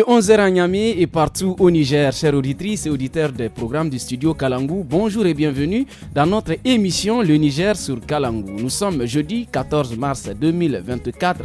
11h à Niamey et partout au Niger. Chers auditrices et auditeurs des programmes du studio Kalangou, bonjour et bienvenue dans notre émission Le Niger sur Kalangou. Nous sommes jeudi 14 mars 2024.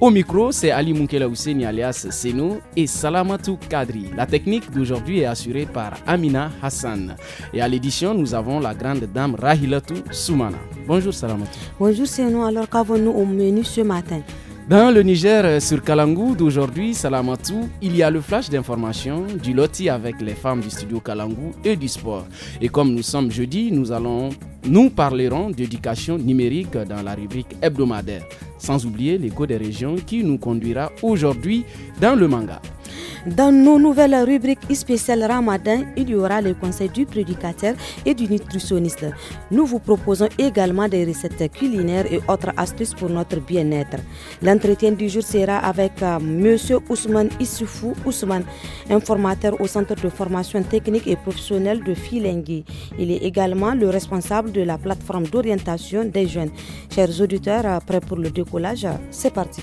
Au micro, c'est Ali Moukela alias Seno et Salamatou Kadri. La technique d'aujourd'hui est assurée par Amina Hassan. Et à l'édition, nous avons la grande dame Rahilatu Soumana. Bonjour Salamatou. Bonjour Seno, alors qu'avons-nous au menu ce matin dans le Niger euh, sur Kalangou d'aujourd'hui, Salamatou, il y a le flash d'information du loti avec les femmes du studio Kalangou et du sport. Et comme nous sommes jeudi, nous allons nous parlerons d'éducation numérique dans la rubrique hebdomadaire, sans oublier l'écho des régions qui nous conduira aujourd'hui dans le manga. Dans nos nouvelles rubriques spéciales Ramadan, il y aura les conseils du prédicateur et du nutritionniste. Nous vous proposons également des recettes culinaires et autres astuces pour notre bien-être. L'entretien du jour sera avec euh, M. Ousmane Issoufou Ousmane, informateur au Centre de formation technique et professionnelle de Filengui. Il est également le responsable de la plateforme d'orientation des jeunes. Chers auditeurs, euh, prêts pour le décollage, euh, c'est parti.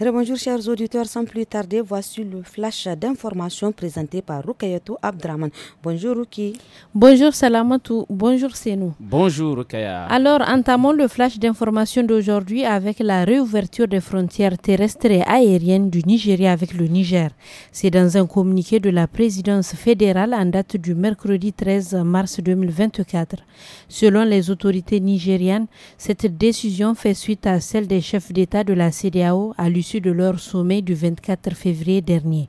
Bonjour chers auditeurs, sans plus tarder, voici le flash d'information présenté par Rukayatou Abdraman. Bonjour Ruki. Bonjour Salamatu, bonjour Senou. Bonjour Rukaya. Alors entamons le flash d'information d'aujourd'hui avec la réouverture des frontières terrestres et aériennes du Nigeria avec le Niger. C'est dans un communiqué de la présidence fédérale en date du mercredi 13 mars 2024. Selon les autorités nigériennes, cette décision fait suite à celle des chefs d'État de la CDAO à de leur sommet du 24 février dernier.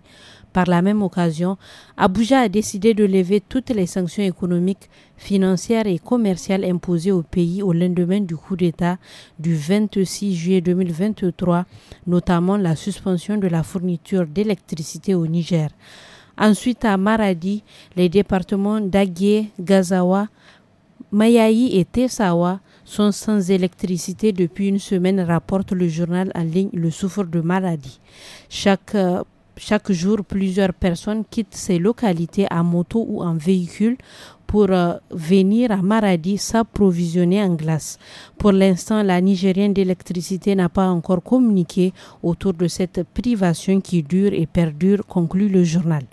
Par la même occasion, Abuja a décidé de lever toutes les sanctions économiques, financières et commerciales imposées au pays au lendemain du coup d'État du 26 juillet 2023, notamment la suspension de la fourniture d'électricité au Niger. Ensuite, à Maradi, les départements d'Agué, Gazawa, Mayaï et Tessawa sont sans électricité depuis une semaine, rapporte le journal en ligne Le Souffre de Maladie. Chaque euh, chaque jour, plusieurs personnes quittent ces localités à moto ou en véhicule pour euh, venir à Maradi s'approvisionner en glace. Pour l'instant, la Nigérienne d'électricité n'a pas encore communiqué autour de cette privation qui dure et perdure, conclut le journal.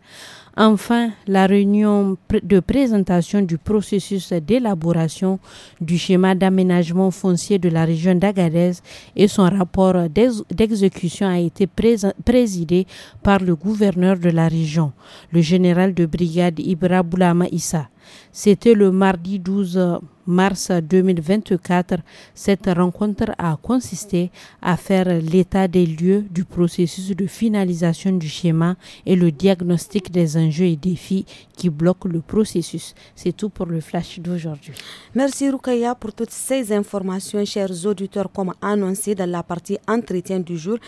Enfin, la réunion de présentation du processus d'élaboration du schéma d'aménagement foncier de la région d'Agadez et son rapport d'exécution a été présidée par le gouverneur de la région, le général de brigade Ibra Boulama Issa. C'était le mardi 12 mars 2024, cette rencontre a consisté à faire l'état des lieux du processus de finalisation du schéma et le diagnostic des enjeux et défis qui bloquent le processus. C'est tout pour le flash d'aujourd'hui. Merci Rukaya pour toutes ces informations, chers auditeurs. Comme annoncé dans la partie entretien du jour,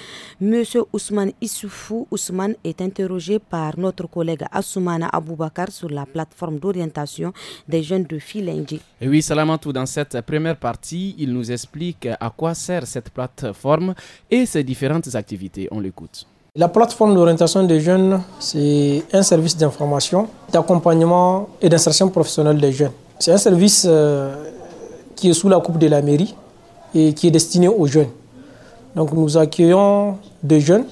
Monsieur Ousmane Issoufou Ousmane est interrogé par notre collègue Assoumana Aboubakar sur la plateforme d'orientation des jeunes de Filengi. oui, Salamatou, dans cette première partie, il nous explique à quoi sert cette plateforme et ses différentes activités. On l'écoute. La plateforme d'orientation des jeunes, c'est un service d'information, d'accompagnement et d'insertion professionnelle des jeunes. C'est un service euh, qui est sous la coupe de la mairie et qui est destiné aux jeunes. Donc nous accueillons des jeunes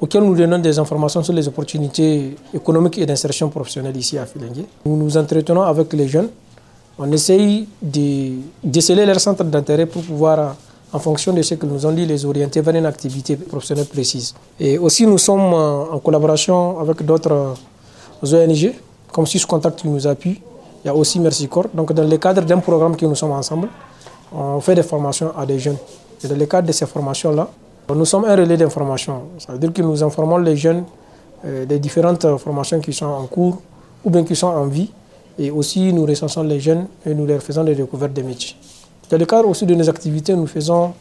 auxquels nous donnons des informations sur les opportunités économiques et d'insertion professionnelle ici à Filingue. Nous nous entretenons avec les jeunes on essaye de déceler leur centres d'intérêt pour pouvoir, en fonction de ce que nous ont dit, les orienter vers une activité professionnelle précise. Et aussi, nous sommes en collaboration avec d'autres ONG, comme Six Contact qui nous appuie. Il y a aussi Merci Corps. Donc, dans le cadre d'un programme que nous sommes ensemble, on fait des formations à des jeunes. Et dans le cadre de ces formations-là, nous sommes un relais d'information. Ça veut dire que nous informons les jeunes euh, des différentes formations qui sont en cours ou bien qui sont en vie et aussi, nous recensons les jeunes et nous leur faisons des découvertes des métiers. Dans le cadre aussi de nos activités, nous faisons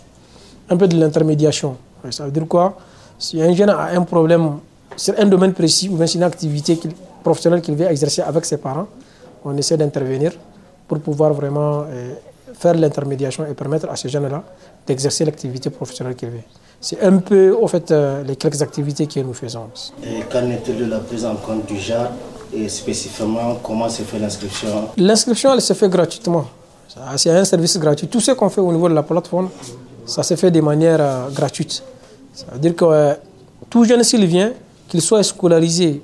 un peu de l'intermédiation. Ça veut dire quoi Si un jeune a un problème sur un domaine précis ou bien sur une activité professionnelle qu'il veut exercer avec ses parents, on essaie d'intervenir pour pouvoir vraiment euh, faire l'intermédiation et permettre à ces jeunes-là d'exercer l'activité professionnelle qu'il veut. C'est un peu, en fait, euh, les quelques activités que nous faisons. Et qu'en est-il de la prise en compte du genre et spécifiquement comment se fait l'inscription L'inscription, elle se fait gratuitement. C'est un service gratuit. Tout ce qu'on fait au niveau de la plateforme, ça se fait de manière euh, gratuite. cest à dire que euh, tout jeune s'il vient, qu'il soit scolarisé,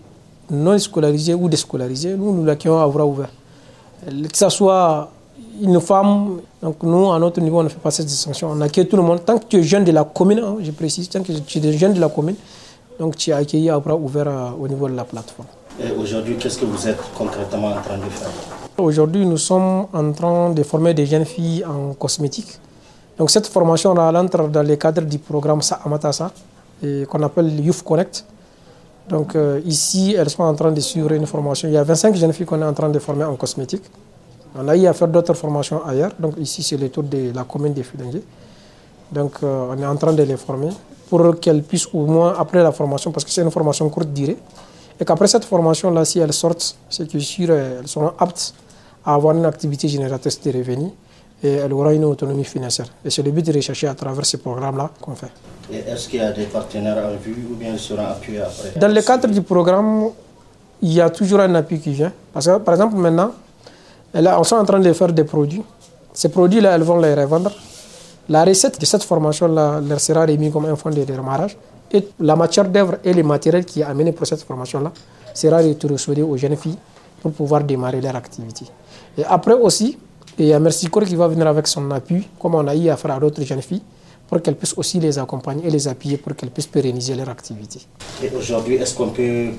non scolarisé ou déscolarisé, nous, nous l'accueillons à bras ouverts. Euh, que ce soit une femme, donc nous, à notre niveau, on ne fait pas cette distinction. On accueille tout le monde. Tant que tu es jeune de la commune, hein, je précise, tant que tu es jeune de la commune, donc tu es accueilli à bras ouverts au niveau de la plateforme. Et aujourd'hui, qu'est-ce que vous êtes concrètement en train de faire Aujourd'hui, nous sommes en train de former des jeunes filles en cosmétique. Donc cette formation là, elle entre dans le cadre du programme Sa'amatasa, qu'on appelle Youth Connect. Donc euh, ici, elles sont en train de suivre une formation. Il y a 25 jeunes filles qu'on est en train de former en cosmétique. On a eu à faire d'autres formations ailleurs. Donc ici, c'est le tour de la commune de Fudengue. Donc euh, on est en train de les former pour qu'elles puissent au moins, après la formation, parce que c'est une formation courte durée, et qu'après cette formation-là, si elles sortent, c'est que sûr, elles seront aptes à avoir une activité génératrice de revenus et elles auront une autonomie financière. Et c'est le but de rechercher à travers ces programmes-là qu'on fait. Est-ce qu'il y a des partenaires en vue ou bien ils seront appuyés après Dans le cadre du programme, il y a toujours un appui qui vient. Parce que, par exemple, maintenant, on est en train de faire des produits. Ces produits-là, elles vont les revendre. La recette de cette formation-là leur sera remise comme un fonds de démarrage et la matière d'œuvre et le matériel qui est amené pour cette formation-là sera retourné aux jeunes filles pour pouvoir démarrer leur activité. Et après aussi, il y a Merci Corps qui va venir avec son appui, comme on a eu à faire à d'autres jeunes filles, pour qu'elles puissent aussi les accompagner et les appuyer pour qu'elles puissent pérenniser leur activité. Et aujourd'hui, est-ce qu'on peut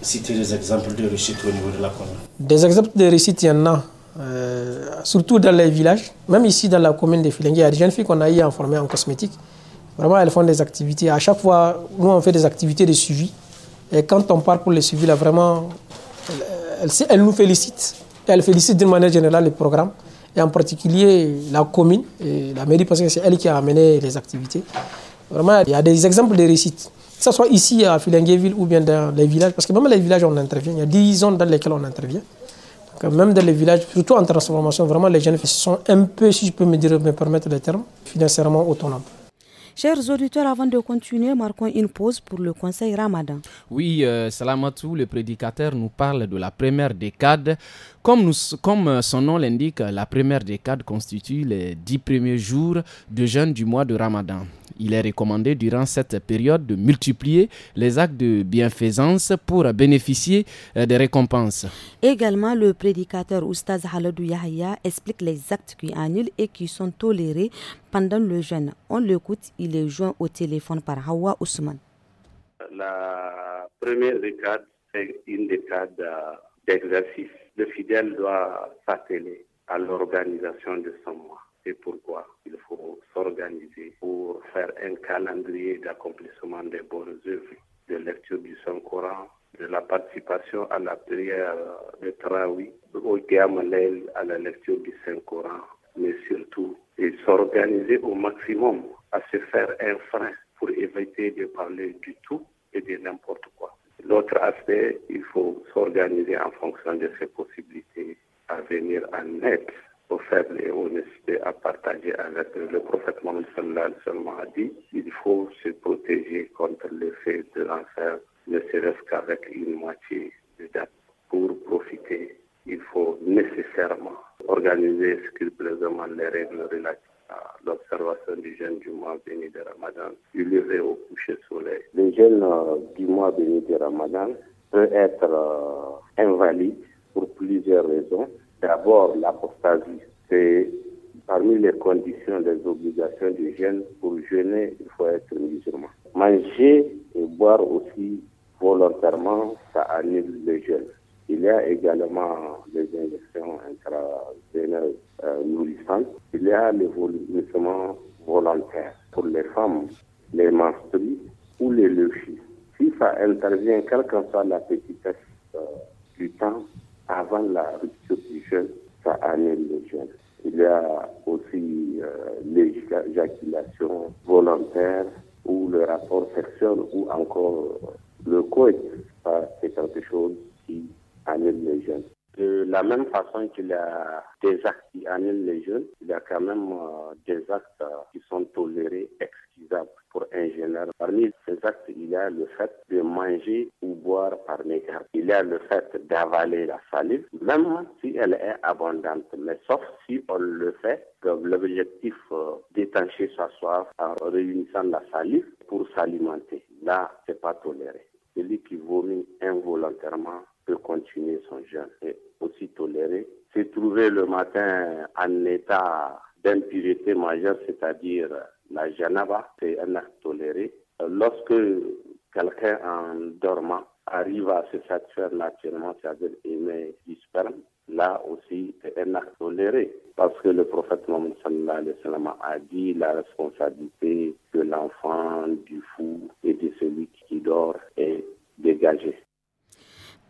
citer des exemples de réussite au niveau de la commune Des exemples de réussite, il y en a. Euh, surtout dans les villages, même ici dans la commune de Filingue, il y a des jeunes filles qu'on a eu à former en cosmétique Vraiment, elles font des activités. À chaque fois, nous, on fait des activités de suivi. Et quand on part pour le suivi, là, vraiment, elles, nous félicitent. elles félicitent d'une manière générale le programme. Et en particulier la commune et la mairie, parce que c'est elle qui a amené les activités. Vraiment, il y a des exemples de réussite. Que ce soit ici à Filinguéville ou bien dans les villages, parce que même les villages, on intervient. Il y a 10 zones dans lesquelles on intervient. même dans les villages, surtout en transformation, vraiment, les jeunes sont un peu, si je peux me, dire, me permettre le terme, financièrement autonomes. Chers auditeurs, avant de continuer, marquons une pause pour le conseil ramadan. Oui, euh, Salamatou, le prédicateur, nous parle de la première décade comme, euh, son nom l'indique, euh, la première décade constitue les dix premiers jours de jeûne du mois de Ramadan. Il est recommandé durant cette période de multiplier les actes de bienfaisance pour bénéficier euh, des récompenses. Également, le prédicateur Oustaz Haladou Yahya explique les actes qui annulent et qui sont tolérés pendant le jeûne. On l'écoute, il est joint au téléphone par Hawa Ousmane. La première décade, est une décade d'exercice le fidèle doit s'atteler à l'organisation de son mois. C'est pourquoi il faut s'organiser pour faire un calendrier d'accomplissement des bonnes œuvres, de lecture du Saint-Coran, de la participation à la prière de Traoui, au Gamalel, à la lecture du Saint-Coran, mais surtout, et s'organiser au maximum à se faire un frein pour éviter de parler du tout et de n'importe quoi. L'autre aspect, il faut s'organiser en fonction de ses possibilités à venir en aide aux faibles et aux nécessités à partager avec le prophète Mohammed seulement a dit il faut se protéger contre l'effet de l'enfer, ne serait-ce qu'avec une moitié de date. Pour profiter, il faut nécessairement organiser ce scrupuleusement les règles relatives l'observation du jeûne du mois béni de Ramadan, du lever au coucher soleil. Le jeûne euh, du mois béni de Ramadan peut être euh, invalide pour plusieurs raisons. D'abord, l'apostasie. C'est parmi les conditions des obligations du jeûne. Pour jeûner, il faut être musulman. Manger et boire aussi volontairement, ça annule le jeûne. Il y a également les injections intraveineuses euh, nourrissante, il y a l'évolution volontaire pour les femmes, les menstrues ou les leuchis. Si ça intervient, quelle que soit la petitesse euh, du temps, avant la rupture du jeûne, ça annule le jeûne. Il y a aussi euh, l'éjaculation volontaire ou le rapport sexuel ou encore le coït. C'est quelque chose qui annule le jeûne. De la même façon qu'il a des actes qui annulent les jeunes, il y a quand même euh, des actes euh, qui sont tolérés, excusables pour un jeune. Parmi ces actes, il y a le fait de manger ou boire par mégarde. Il y a le fait d'avaler la salive, même si elle est abondante, mais sauf si on le fait comme l'objectif euh, d'étancher sa soif en réunissant la salive pour s'alimenter. Là, c'est pas toléré. Celui qui vomit involontairement peut continuer son jeûne et aussi toléré. Se trouver le matin en état d'impurité majeure, c'est-à-dire la janaba, c'est un acte toléré. Lorsque quelqu'un en dormant arrive à se satisfaire naturellement, c'est-à-dire aimer du sperme, là aussi c'est un acte toléré. Parce que le prophète Mohammed a dit la responsabilité de l'enfant, du fou et de celui qui dort est dégagée.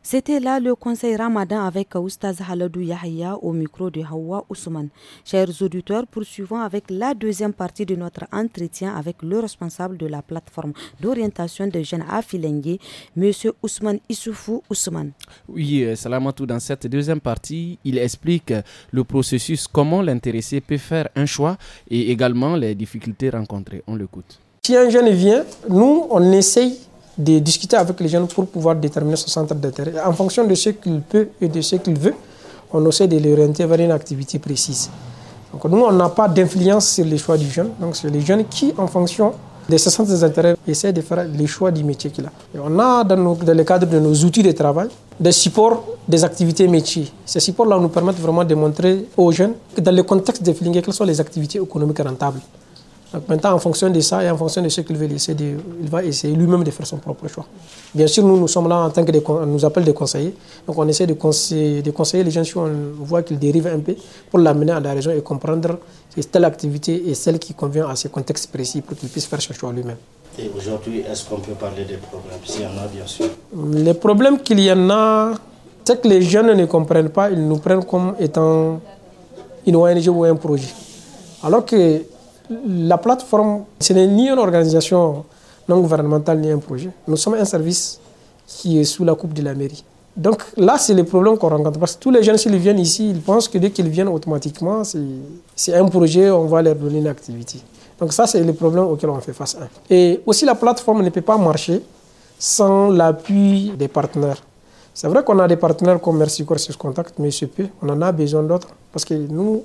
C'était là le conseil ramadan avec Oustaz Haladou Yahya au micro de Hawa Ousmane. Chers auditeurs, poursuivons avec la deuxième partie de notre entretien avec le responsable de la plateforme d'orientation des jeunes à Filengue, M. Ousmane Issoufou Ousmane. Oui, euh, tous. dans cette deuxième partie, il explique le processus, comment l'intéressé peut faire un choix et également les difficultés rencontrées. On l'écoute. Si un jeune vient, nous, on essaye de discuter avec les jeunes pour pouvoir déterminer son centre d'intérêt. En fonction de ce qu'il peut et de ce qu'il veut, on essaie de l'orienter vers une activité précise. Donc nous, on n'a pas d'influence sur les choix du jeune. Donc c'est les jeunes qui, en fonction de ce centre d'intérêt, essaient de faire les choix du métier qu'il a. Et on a dans, le cadre de nos outils de travail des supports des activités métiers. Ces supports-là nous permettent vraiment de montrer aux jeunes que dans le contexte des Flingue, quelles sont les activités économiques rentables maintenant, en fonction de ça et en fonction de ce qu'il veut laisser, il va essayer lui-même de faire son propre choix. Bien sûr, nous, nous sommes là en tant que nous appelle des conseillers. Donc on essaie de conseiller, de conseiller les gens si on voit qu'ils dérivent un peu pour l'amener à la raison et comprendre que telle activité est celle qui convient à ce contexte précis pour qu'il puisse faire son choix lui-même. Et aujourd'hui, est-ce qu'on peut parler des problèmes S'il y en a, bien sûr. Les problèmes qu'il y en a, c'est que les jeunes ne comprennent pas, ils nous prennent comme étant une ONG ou un projet. Alors que la plateforme, ce n'est ni une organisation non gouvernementale ni un projet. Nous sommes un service qui est sous la coupe de la mairie. Donc là, c'est le problème qu'on rencontre. Parce que tous les jeunes, s'ils viennent ici, ils pensent que dès qu'ils viennent automatiquement, c'est un projet, on va leur donner une activité. Donc ça, c'est le problème auquel on fait face. Et aussi, la plateforme ne peut pas marcher sans l'appui des partenaires. C'est vrai qu'on a des partenaires comme Merci sur Contact, mais c'est peu. On en a besoin d'autres. Parce que nous,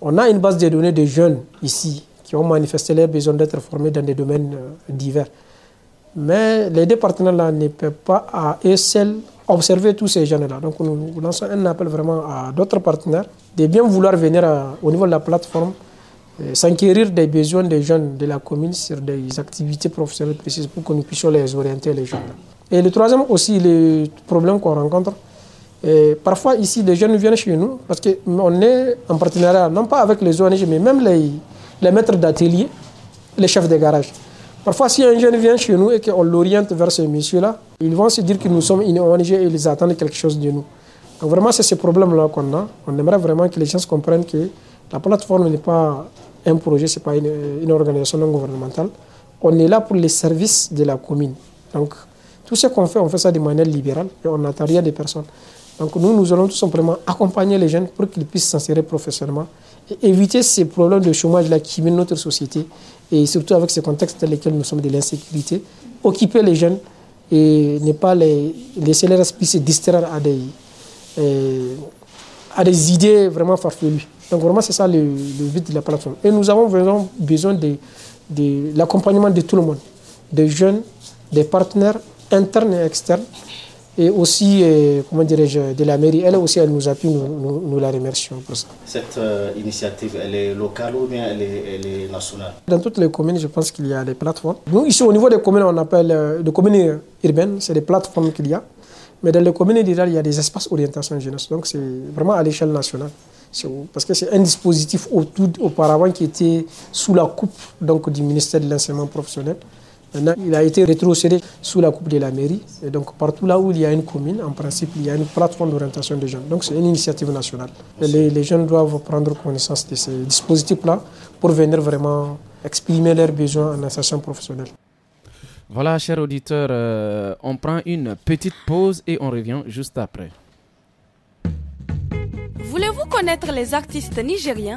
on a une base de données de jeunes ici qui ont manifesté leur besoin d'être formés dans des domaines euh, divers. Mais les deux partenaires-là ne peuvent pas à eux seuls observer tous ces jeunes-là. Donc nous lançons un appel vraiment à d'autres partenaires de bien vouloir venir euh, au niveau de la plateforme euh, s'inquérir des besoins des jeunes de la commune sur des activités professionnelles précises pour que nous puissions les orienter, les jeunes. Et le troisième aussi, le problème qu'on rencontre, et parfois ici, les jeunes viennent chez nous parce qu'on est en partenariat, non pas avec les ONG, mais même les, les maîtres d'atelier, les chefs de garage. Parfois, si un jeune vient chez nous et qu'on l'oriente vers ce monsieur-là, ils vont se dire que nous sommes une ONG et ils attendent quelque chose de nous. Donc vraiment, c'est ce problème-là qu'on a. On aimerait vraiment que les gens comprennent que la plateforme n'est pas un projet, ce n'est pas une, une, organisation non gouvernementale. On est là pour les services de la commune. Donc, tout ce qu'on fait, on fait ça de manière libérale et on n'attend rien des personnes. Donc, nous, nous allons tout simplement accompagner les jeunes pour qu'ils puissent s'insérer professionnellement éviter ces problèmes de chômage-là qui mènent notre société, et surtout avec ce contexte dans lequel nous sommes de l'insécurité, occuper les jeunes et ne pas les laisser les se distraire à des, euh, à des idées vraiment farfelues. Donc vraiment, c'est ça le, but de la plateforme. Et nous avons vraiment besoin de, de l'accompagnement de tout le monde, des jeunes, des partenaires internes et externes, et aussi, euh, comment dirais-je, de la mairie. Elle aussi, elle nous a nous, nous, la remercions pour ça. Cette euh, initiative, elle est locale ou bien elle est, nationale Dans toutes les communes, je pense qu'il y a des plateformes. Nous, ici, au niveau des communes, on appelle les euh, des communes urbaines, c'est des plateformes qu'il y a. Mais dans les communes rurales, il y a des espaces orientation jeunesse. Donc, c'est vraiment à l'échelle nationale. Parce que c'est un dispositif autour, auparavant qui était sous la coupe donc, du ministère de l'enseignement professionnel il a été rétrocédé sous la coupe de la mairie. Et donc, partout là où il y a une commune, en principe, il y a une plateforme d'orientation des jeunes. Donc, c'est une initiative nationale. les, jeunes doivent prendre connaissance de ce dispositif là pour venir vraiment exprimer leurs besoins en association professionnelle. Voilà, chers auditeurs, euh, on prend une petite pause et on revient juste après. Voulez-vous connaître les artistes nigériens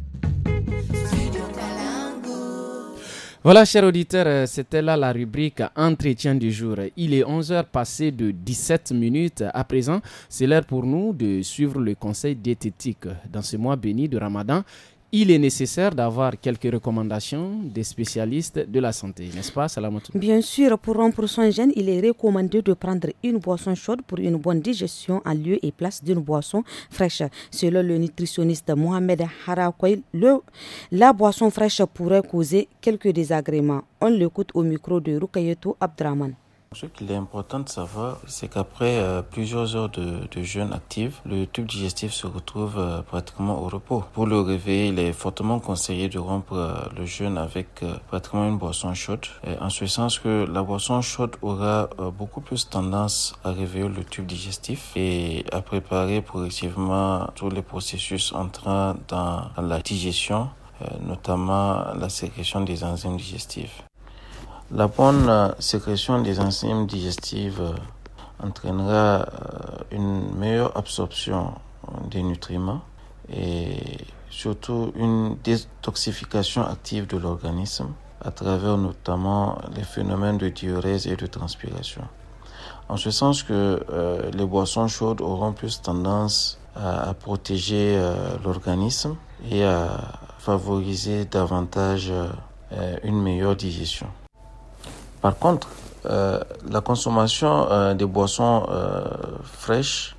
Voilà, chers auditeurs, euh, c'était là la rubrique Entretien du jour. Il est 11h passé de 17 minutes à présent. C'est l'heure pour nous de suivre le conseil diététique dans ce mois béni de Ramadan il est nécessaire d'avoir quelques recommandations des spécialistes de la santé, n'est-ce pas, Salamatou Bien sûr, pour un son gène, il est recommandé de prendre une boisson chaude pour une bonne digestion en lieu et place d'une boisson fraîche. Selon le nutritionniste Mohamed Harakoy, la boisson fraîche pourrait causer quelques désagréments. On l'écoute au micro de Rukayeto Abdraman. Ce qu'il est important de savoir, c'est qu'après euh, plusieurs heures de, jeûne actif, le tube digestif se retrouve euh, pratiquement au repos. Pour le réveiller, il est fortement conseillé de rompre euh, le jeûne avec pratiquement une boisson chaude, et en ce sens que la boisson chaude aura beaucoup plus tendance à réveiller le tube digestif et à préparer progressivement tous les processus entrant dans la digestion notamment la sécrétion des enzymes digestives. La bonne euh, sécrétion des enzymes digestives euh, entraînera euh, une meilleure absorption des nutriments et surtout une détoxification active de l'organisme à travers notamment les phénomènes de diurèse et de transpiration. En ce sens que les boissons chaudes auront plus tendance à, protéger l'organisme et à favoriser davantage une meilleure digestion. Par contre, euh, la consommation euh, des boissons euh, fraîches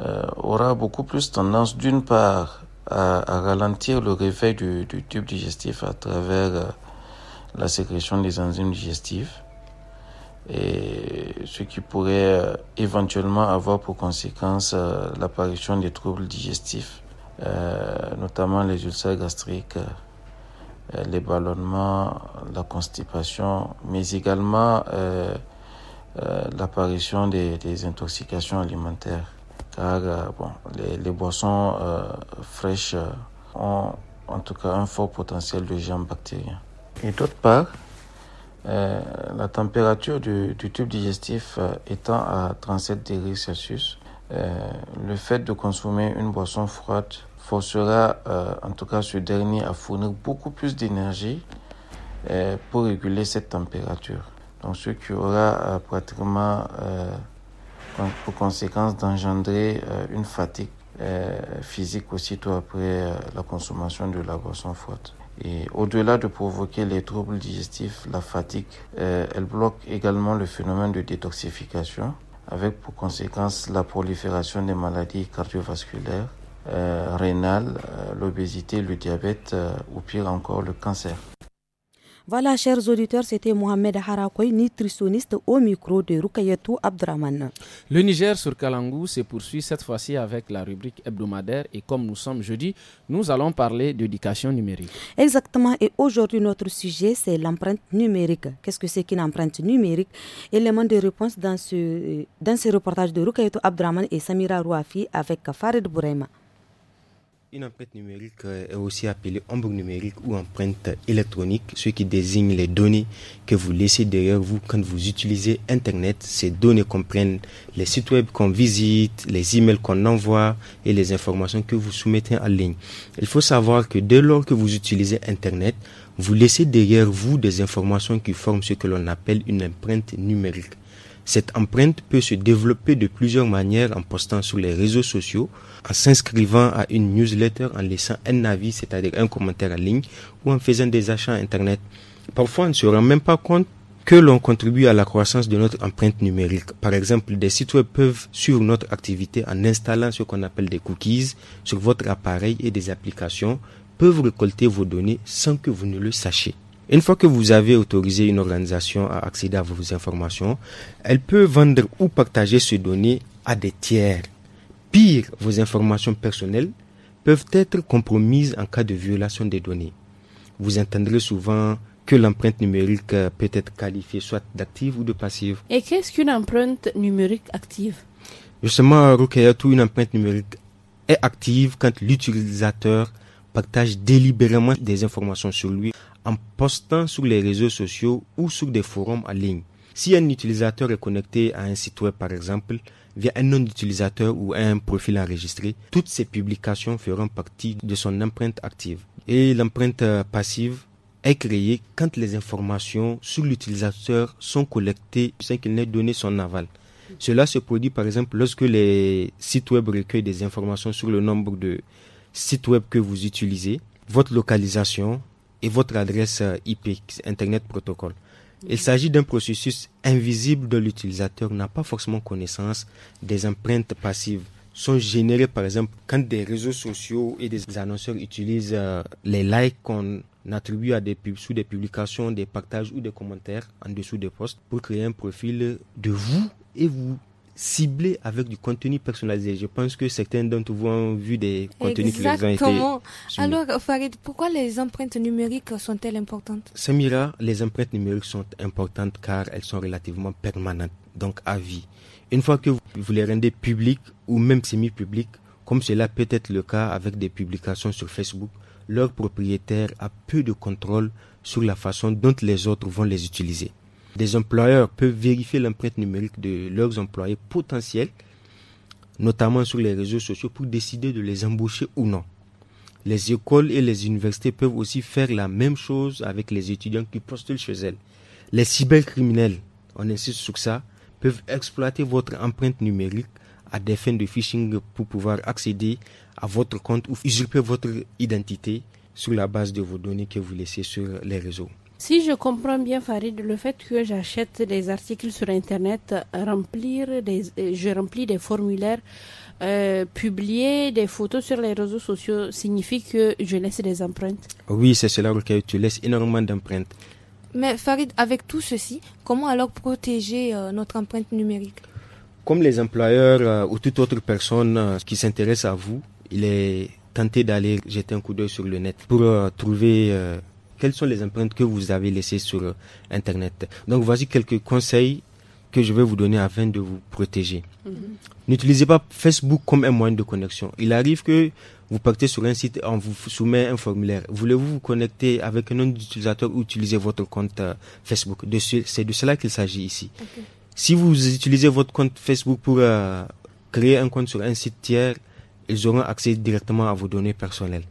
euh, aura beaucoup plus tendance, d'une part, à, ralentir le réveil du, du tube digestif à travers la sécrétion des enzymes digestives, et ce qui pourrait éventuellement avoir pour conséquence l'apparition des troubles digestifs, notamment les ulcères gastriques. Euh, les ballonnements, la constipation, mais également euh, euh, l'apparition des, intoxications alimentaires. Car bon, les, boissons fraîches ont en tout cas un fort potentiel de germes bactériens. Et d'autre part, la température du, du tube digestif étant à 37 degrés Celsius, le fait de consommer une boisson froide forcera euh, en tout cas ce dernier à fournir beaucoup plus d'énergie euh, pour réguler cette température. Donc ce qui aura euh, pratiquement pour conséquence d'engendrer une fatigue physique aussitôt après la consommation de la boisson froide. Et au-delà de provoquer les troubles digestifs, la fatigue, elle bloque également le phénomène de détoxification avec pour conséquence la prolifération des maladies cardiovasculaires euh, rénal, rénale, euh, l'obésité, le diabète euh, ou pire encore le cancer. Voilà, chers auditeurs, c'était Mohamed Harakoy, nutritionniste au micro de Rukayetou Abdraman. Le Niger sur Kalangou se poursuit cette fois-ci avec la rubrique hebdomadaire et comme nous sommes jeudi, nous allons parler d'éducation numérique. Exactement, et aujourd'hui notre sujet c'est l'empreinte numérique. Qu'est-ce que c'est qu'une empreinte numérique Élément de réponse dans ce, dans ces reportage de Rukayetou Abdraman et Samira Rouafi avec Farid Bourema. Une empreinte numérique euh, est aussi appelée empreinte numérique ou empreinte électronique, ce qui désigne les données que vous laissez derrière vous quand vous utilisez Internet. Ces données comprennent les sites web qu'on visite, les emails qu'on envoie et les informations que vous soumettez en ligne. Il faut savoir que dès lors que vous utilisez Internet, vous laissez derrière vous des informations qui forment ce que l'on appelle une empreinte numérique. Cette empreinte peut se développer de plusieurs manières en postant sur les réseaux sociaux, en s'inscrivant à une newsletter, en laissant un avis, c'est-à-dire un commentaire en ligne, ou en faisant des achats Internet. Parfois, on ne se rend même pas compte que l'on contribue à la croissance de notre empreinte numérique. Par exemple, des sites web peuvent suivre notre activité en installant ce qu'on appelle des cookies sur votre appareil et des applications peuvent récolter vos données sans que vous ne le sachiez. Une fois que vous avez autorisé une organisation à accéder à vos informations, elle peut vendre ou partager ces données à des tiers. Pire, vos informations personnelles peuvent être compromises en cas de violation des données. Vous entendrez souvent que l'empreinte numérique peut être qualifiée soit d'active ou de passive. Et qu'est-ce qu'une empreinte numérique active Justement, tout une empreinte numérique est active quand l'utilisateur partage délibérément des informations sur lui en postant sur les réseaux sociaux ou sur des forums en ligne. Si un utilisateur est connecté à un site web par exemple, via un nom d'utilisateur ou un profil enregistré, toutes ces publications feront partie de son empreinte active. Et l'empreinte euh, passive est créée quand les informations sur l'utilisateur sont collectées sans qu'il n'ait donné son aval. Cela se produit par exemple lorsque les sites web recueillent des informations sur le nombre de sites web que vous utilisez, votre localisation, et votre adresse euh, IP, Internet Protocol. Il s'agit d'un processus invisible dont l'utilisateur n'a pas forcément connaissance des empreintes passives sont générées par exemple quand des réseaux sociaux et des annonceurs utilisent euh, les likes qu'on attribue à des pubs sous des publications, des partages ou des commentaires en dessous des posts pour créer un profil de vous et vous ciblé avec du contenu personnalisé. Je pense que certains d'entre vous ont vu des contenus qui ont été... Alors, Farid, pourquoi les empreintes numériques sont-elles importantes Samira, les empreintes numériques sont importantes car elles sont relativement permanentes, donc à vie. Une fois que vous les rendez publiques ou même semi-publiques, comme cela peut être le cas avec des publications sur Facebook, leur propriétaire a peu de contrôle sur la façon dont les autres vont les utiliser des employeurs peuvent vérifier l'empreinte numérique de leurs employés potentiels, notamment sur les réseaux sociaux, pour décider de les embaucher ou non. Les écoles et les universités peuvent aussi faire la même chose avec les étudiants qui postulent chez elles. Les cybercriminels, on insiste sur ça, peuvent exploiter votre empreinte numérique à des fins de phishing pour pouvoir accéder à votre compte ou usurper votre identité sur la base de vos données que vous laissez sur les réseaux. Si je comprends bien, Farid, le fait que j'achète des articles sur Internet, remplir des, je remplis des formulaires, euh, publier des photos sur les réseaux sociaux signifie que je laisse des empreintes. Oui, c'est cela, que tu laisses énormément d'empreintes. Mais Farid, avec tout ceci, comment alors protéger euh, notre empreinte numérique Comme les employeurs euh, ou toute autre personne qui s'intéresse à vous, il est tenté d'aller jeter un coup d'œil sur le net pour trouver quelles sont les empreintes que vous avez laissées sur euh, Internet. Donc voici quelques conseils que je vais vous donner afin de vous protéger. Mm-hmm. N'utilisez pas Facebook comme un moyen de connexion. Il arrive que vous partez sur un site, on vous soumet un formulaire. Voulez-vous vous connecter avec un nom d'utilisateur ou utiliser votre compte euh, Facebook C'est de cela qu'il s'agit ici. Si vous utilisez votre compte Facebook pour euh, créer un compte sur un site tiers, ils auront accès directement à vos données personnelles.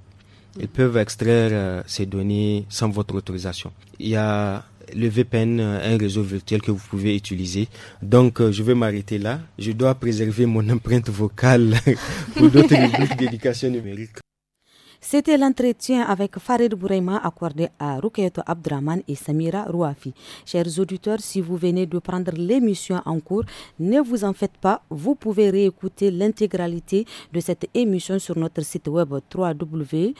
Ils peuvent extraire euh, ces données sans votre autorisation. Il y a le VPN, euh, un réseau virtuel que vous pouvez utiliser. Donc, euh, je vais m'arrêter là. Je dois préserver mon empreinte vocale pour d'autres rubriques d'éducation numérique. C'était l'entretien avec Farid Boureima accordé à Rukayeto Abdraman et Samira Rouafi. Chers auditeurs, si vous venez de prendre l'émission en cours, ne vous en faites pas, vous pouvez réécouter l'intégralité de cette émission sur notre site web www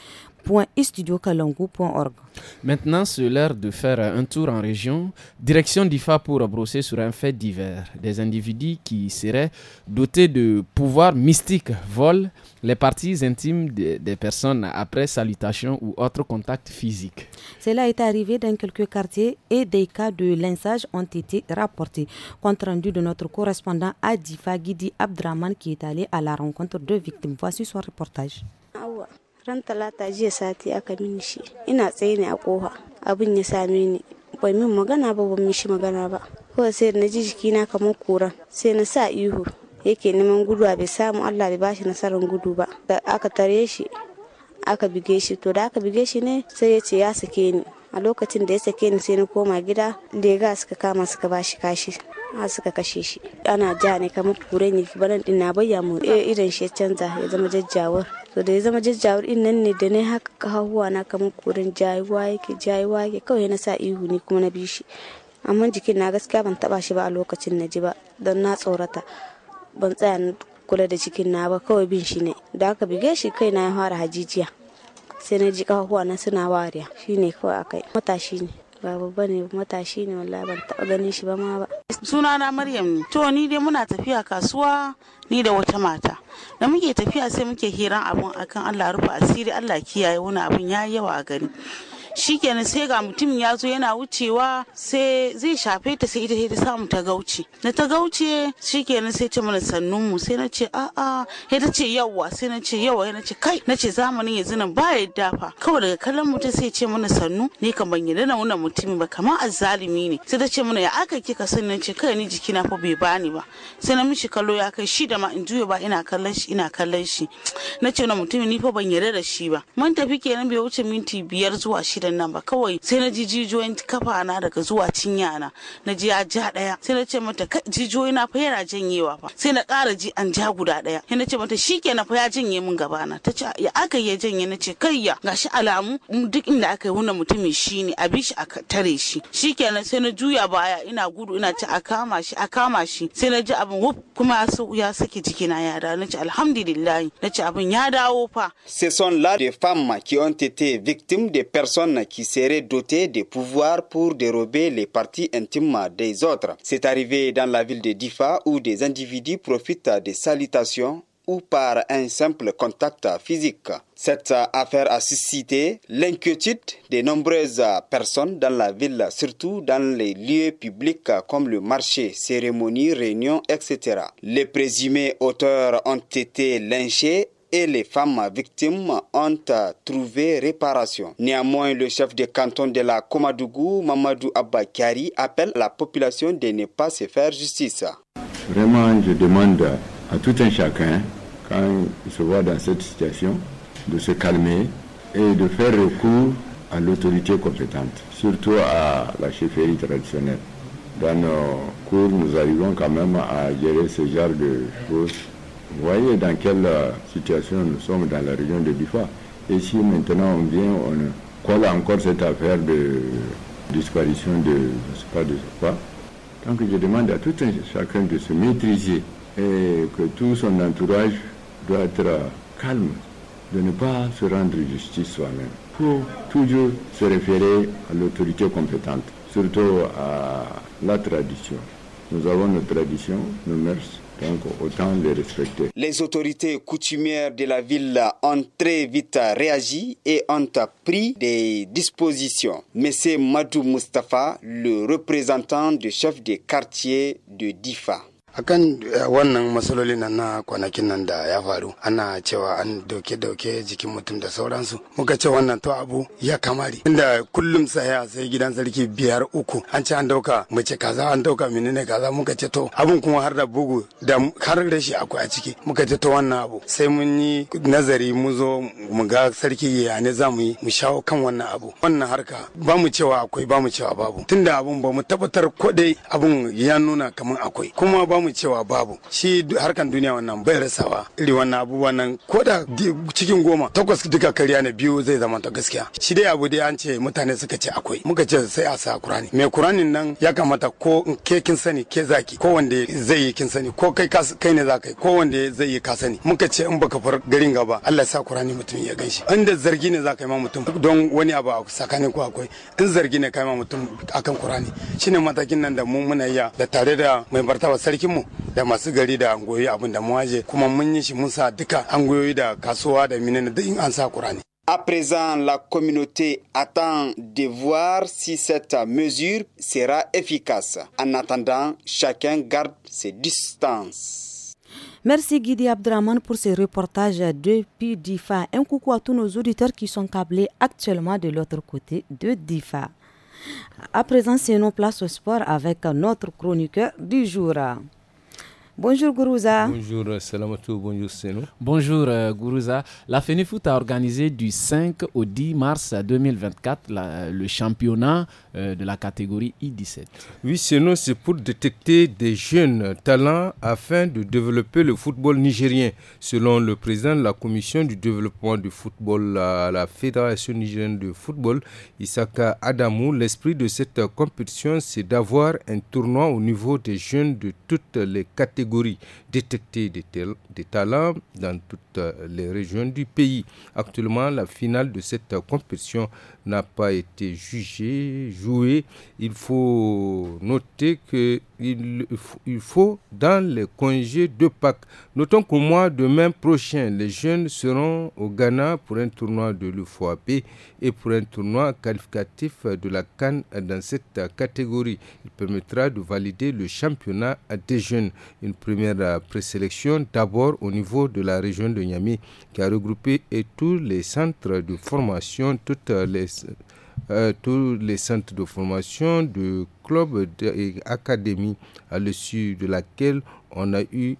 Maintenant, c'est l'heure de faire un tour en région. Direction d'IFA pour brosser sur un fait divers. Des individus qui seraient dotés de pouvoirs mystiques volent les parties intimes des, personnes après salutation ou autre contact physique. Cela est arrivé dans quelques quartiers et des cas de lynchage ont été rapportés. Compte rendu de notre correspondant Difa, Guidi Abdraman qui est allé à la rencontre de victimes. Voici son reportage. Ah ouais. ran talata jiya sati aka min shi ina tsaye ne a kofa abin ya same ni bai min magana ba ban mishi magana ba kawai sai na ji jiki na kamar kuran sai na sa ihu yake neman guduwa bai samu Allah bai bashi nasarar gudu ba da aka tare shi aka bige shi to da aka bige shi ne sai ya ce ya sake ni a lokacin da ya sake ni sai na koma gida lega suka kama suka bashi kashi a suka kashe shi ana ja ne kamar kuran ne ina din na bayya mu eh, irin shi ya canza ya zama jajjawar so da ya zama jajjawar in nan ne da na haka kahuwa na kamar kurin jayuwa yake jayuwa yake kawai na sa ihu ne kuma na bi shi amma jikin na gaskiya ban taba shi ba a lokacin na ji ba don na tsorata ban tsaya na kula da jikin na ba kawai bin shi ne da aka bige shi kai na ya fara hajijiya sai na ji kahuwa na suna wariya shine kawai akai matashi ne ba babba ne matashi ne wallahi ban taɓa ganin shi ba ma ba Suna na maryam ne to ni dai muna tafiya kasuwa ni da wata mata da muke tafiya sai muke hiran abun akan Allah rufe asiri Allah kiyaye wani abun yayi yawa a gari shikenan sai ga mutum ya zo yana wucewa sai zai shafe ta sai ita sai ta samu ta gauce na ta gauce shikenan sai ce mana sannun mu sai na ce a'a sai ta ce yawa sai na ce yawa na ce kai na ce zamanin yanzu nan ba yadda fa kawai daga kallon mutum sai ce mana sannu ni kan ban yadda na wannan mutum ba kamar azzalimi ne sai ta ce mana ya aka kika sani na ce kai ni jikina fa bai bani ba sai na mishi kallo ya kai shi da ma in juya ba ina kallon shi ina kallon shi na ce na mutum ni fa ban yadda da shi ba mun tafi kenan bai wuce minti biyar zuwa shida gadon nan ba kawai sai na ji jijiyoyin kafa na daga zuwa cinya na na ji ya ja daya sai na ce mata jijiyoyi na fa yana janyewa fa sai na ƙara ji an ja guda daya sai na ce mata shikenan fa ya janye min gaba na ta ce ya aka ya janye na ce ya, gashi alamu duk inda aka yi wannan mutumin shi ne a bi shi a tare shi shikenan sai na juya baya ina gudu ina ce a kama shi a kama shi sai na ji abin wuf kuma ya saki jikina ya dawo na ce alhamdulillah na ce abin ya dawo fa ce sont là des femmes qui ont été victimes des personnes qui seraient doté des pouvoirs pour dérober les parties intimes des autres. C'est arrivé dans la ville de Difa où des individus profitent des salutations ou par un simple contact physique. Cette affaire a suscité l'inquiétude de nombreuses personnes dans la ville, surtout dans les lieux publics comme le marché, cérémonies, réunions, etc. Les présumés auteurs ont été lynchés et les femmes victimes ont trouvé réparation. Néanmoins, le chef de canton de la Komadougou, Mamadou Abakari, appelle la population de ne pas se faire justice. Vraiment, je demande à tout un chacun, quand il se voit dans cette situation, de se calmer et de faire recours à l'autorité compétente, surtout à la chefferie traditionnelle. Dans nos cours, nous arrivons quand même à gérer ce genre de choses vous voyez dans quelle euh, situation nous sommes dans la région de Bifa. Et si maintenant on vient, on colle encore cette affaire de disparition de je ne sais pas de quoi. Donc je demande à tout un chacun de se maîtriser et que tout son entourage doit être euh, calme, de ne pas se rendre justice soi-même, pour toujours se référer à l'autorité compétente, surtout à la tradition. Nous avons nos traditions, nos mœurs, les Les autorités coutumières de la ville ont très vite réagi et ont pris des dispositions. Mais c'est Madou Mustafa, le représentant du chef des quartiers de Difa. akan eh, wannan matsaloli nan na kwanakin nan da ya faru ana cewa an dauke-dauke jikin mutum da sauransu muka ce wannan to abu ya kamari inda kullum saya sai gidan sarki biyar uku an ce an dauka mace kaza an dauka menene kaza muka ce to abun kuma har da bugu da har shi akwai a ciki muka ce to wannan abu sai mun yi nazari mu zo mu ga sarki ya ne za mu yi mu shawo kan wannan abu wannan harka ba mu cewa akwai ba mu cewa babu tunda abun ba mu tabbatar dai abun ya nuna kamar akwai kuma ba mu cewa babu shi harkan duniya wannan bai rasawa iri wannan abubuwan nan ko da cikin goma takwas duka kariya ne biyu zai zama ta gaskiya shi dai abu dai an ce mutane suka ce akwai muka ce sai a sa kurani mai kuranin nan ya kamata ko ke kin sani ke zaki ko wanda zai yi kin sani ko kai kai ne za kai ko wanda zai yi ka sani muka ce in baka far garin gaba Allah sa kurani mutum ya ganshi inda zargi ne za yi ma mutum don wani abu a tsakanin ku akwai in zargi ne kai ma mutum akan kurani shine matakin nan da mu muna iya da tare da mai martaba sarkin À présent, la communauté attend de voir si cette mesure sera efficace. En attendant, chacun garde ses distances. Merci Guidi Abdraman pour ce reportage depuis DIFA. Un coucou à tous nos auditeurs qui sont câblés actuellement de l'autre côté de DIFA. À présent, c'est nos places au sport avec notre chroniqueur du jour. Bonjour Gourouza. Bonjour euh, Salamatou, bonjour Senou. Bonjour euh, Gourouza. La FENIFOOT a organisé du 5 au 10 mars 2024 le championnat euh, de la catégorie I-17. Oui, nom, c'est pour détecter des jeunes talents afin de développer le football nigérien. Selon le président de la commission du développement du football à la Fédération nigérienne de football, Isaka Adamou, l'esprit de cette compétition, c'est d'avoir un tournoi au niveau des jeunes de toutes les catégories, détecter des, des talents dans toutes les régions du pays. Actuellement, la finale de cette compétition n'a pas été jugé, joué. Il faut noter qu'il il faut dans les congés de Pâques. Notons qu'au mois de mai prochain, les jeunes seront au Ghana pour un tournoi de l'UFOAP et pour un tournoi qualificatif de la Cannes dans cette catégorie. Il permettra de valider le championnat des jeunes. Une première présélection d'abord au niveau de la région de Niamey qui a regroupé tous les centres de formation, toutes les euh, tous les centres de formation, de clubs et académies à l'issue de laquelle on a eu,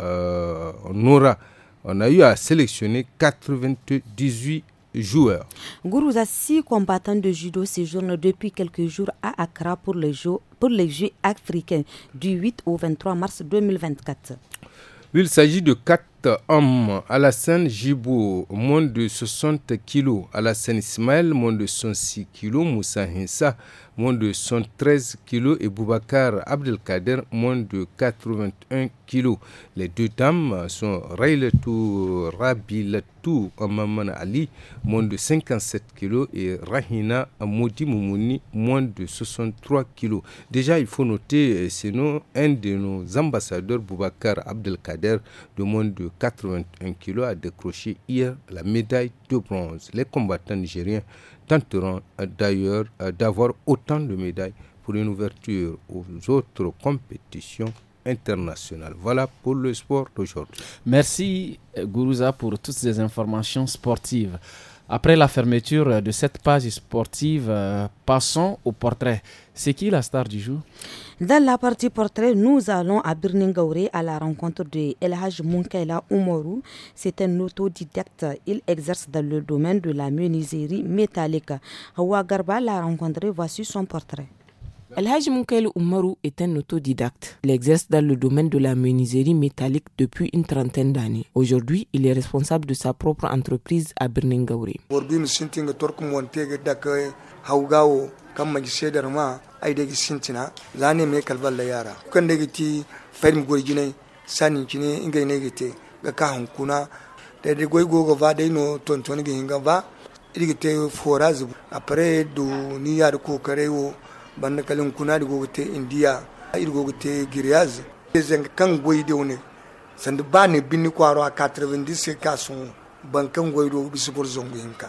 euh, on aura, on a eu à sélectionner 98 joueurs. Gourouza, six combattants de judo séjournent depuis quelques jours à Accra pour les Jeux, pour les jeux africains du 8 au 23 mars 2024. Il s'agit de quatre hommes. scène Jibo, moins de 60 kilos. scène Ismaël, moins de 106 kilos. Moussa Hinsa, moins de 113 kg et Boubacar Abdelkader, moins de 81 kg. Les deux dames sont Raylatou Rabilatou Amaman Ali, moins de 57 kg et Rahina Amoudi Moumouni, moins de 63 kg. Déjà, il faut noter, euh, sinon, un de nos ambassadeurs, Boubacar Abdelkader, de moins de 81 kg, a décroché hier la médaille de bronze. Les combattants nigériens tenteront euh, d'ailleurs euh, d'avoir autant de médailles pour une ouverture aux autres compétitions internationales. Voilà pour le sport d'aujourd'hui. Merci Gourouza pour toutes ces informations sportives. Après la fermeture de cette page sportive, euh, passons au portrait. C'est qui la star du jour Dans la partie portrait, nous allons à Birningaure à la rencontre de Elhaj Munkaila Umoru. C'est un autodidacte. Il exerce dans le domaine de la menuiserie métallique. Hawa l'a rencontré. Voici son portrait. El Haj Moukele Oumarou est un autodidacte. Il exerce dans le domaine de la menuiserie métallique depuis une trentaine d'années. Aujourd'hui, il est responsable de sa propre entreprise à Birningaouri. Pour le faire, a des gens qui ont été en train de se faire. Il y a des gens qui ont été en train de se faire. Il y a des gens qui ont été en train de faire. Il y a des gens qui ont été en train de se faire. Il y a des gens qui ont été en train de banda kalin kuna da gogote a iri gogote giriaz zeng kan goy da wani sand ba ne bini kwaro a 90 ka sun bankan goy do bisibor zongo yinka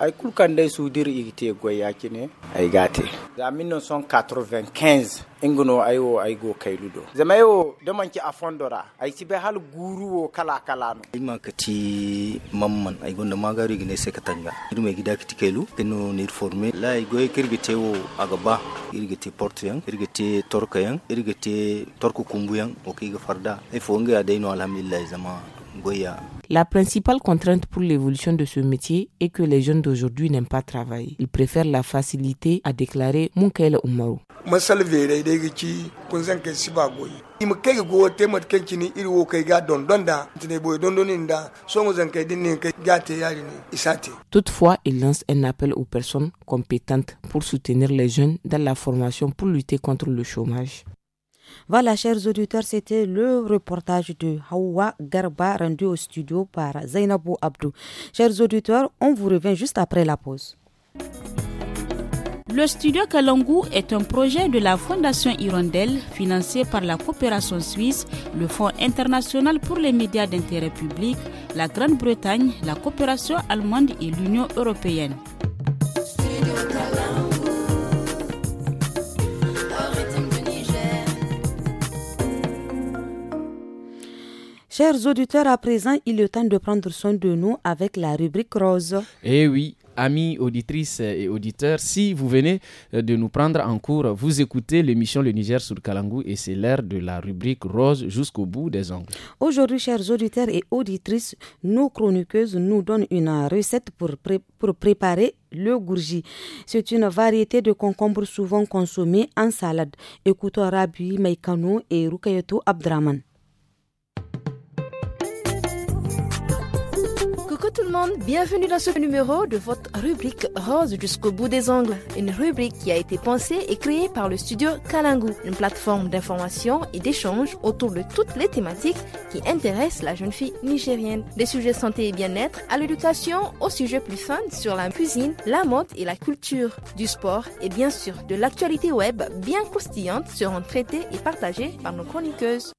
ay kulkande sudir igite goyakine ay gate za 1995 ingono aywo ay go kayludo zama yo da manki a fondora ay sibe hal wo kala kala no imman kati mamman ay gonda magari gine se katanga irme gida kati kaylu kino nir forme la ay goy kirgite wo agaba irgite porto yan irgite torka yan irgite torku kumbu yan o kiga farda ay fonga ya dai no alhamdulillah zama La principale contrainte pour l'évolution de ce métier est que les jeunes d'aujourd'hui n'aiment pas travailler. Ils préfèrent la facilité, à déclaré Munkel Umaru. toutefois il lance un appel aux personnes compétentes pour soutenir les jeunes dans la formation pour lutter contre le chômage voilà, chers auditeurs, c'était le reportage de Hawa Garba rendu au studio par Zainabou Abdou. Chers auditeurs, on vous revient juste après la pause. Le studio Kalangu est un projet de la Fondation Hirondelle financé par la coopération suisse, le Fonds international pour les médias d'intérêt public, la Grande-Bretagne, la coopération allemande et l'Union européenne. Chers auditeurs, à présent, il est temps de prendre soin de nous avec la rubrique rose. Eh oui, amis auditrices et auditeurs, si vous venez euh, de nous prendre en cours, vous écoutez l'émission Le Niger sur Kalangou et c'est l'heure de la rubrique rose jusqu'au bout des ongles. Aujourd'hui, chers auditeurs et auditrices, nos chroniqueuses nous donnent une recette pour, préparer le gourji. C'est une variété de concombre souvent consommée en salade. Écoutons Rabi Meikano et Rukayoto Abdraman. tout le monde, bienvenue dans ce numéro de votre rubrique Rose jusqu'au bout des ongles, une rubrique qui a été pensée et créée par le studio Kalangu, une plateforme d'information et d'échange autour de toutes les thématiques qui intéressent la jeune fille nigérienne, des sujets santé et bien-être à l'éducation, aux sujets plus fun sur la cuisine, la mode et la culture, du sport et bien sûr de l'actualité web bien croustillante seront traités et partagés par nos chroniqueuses.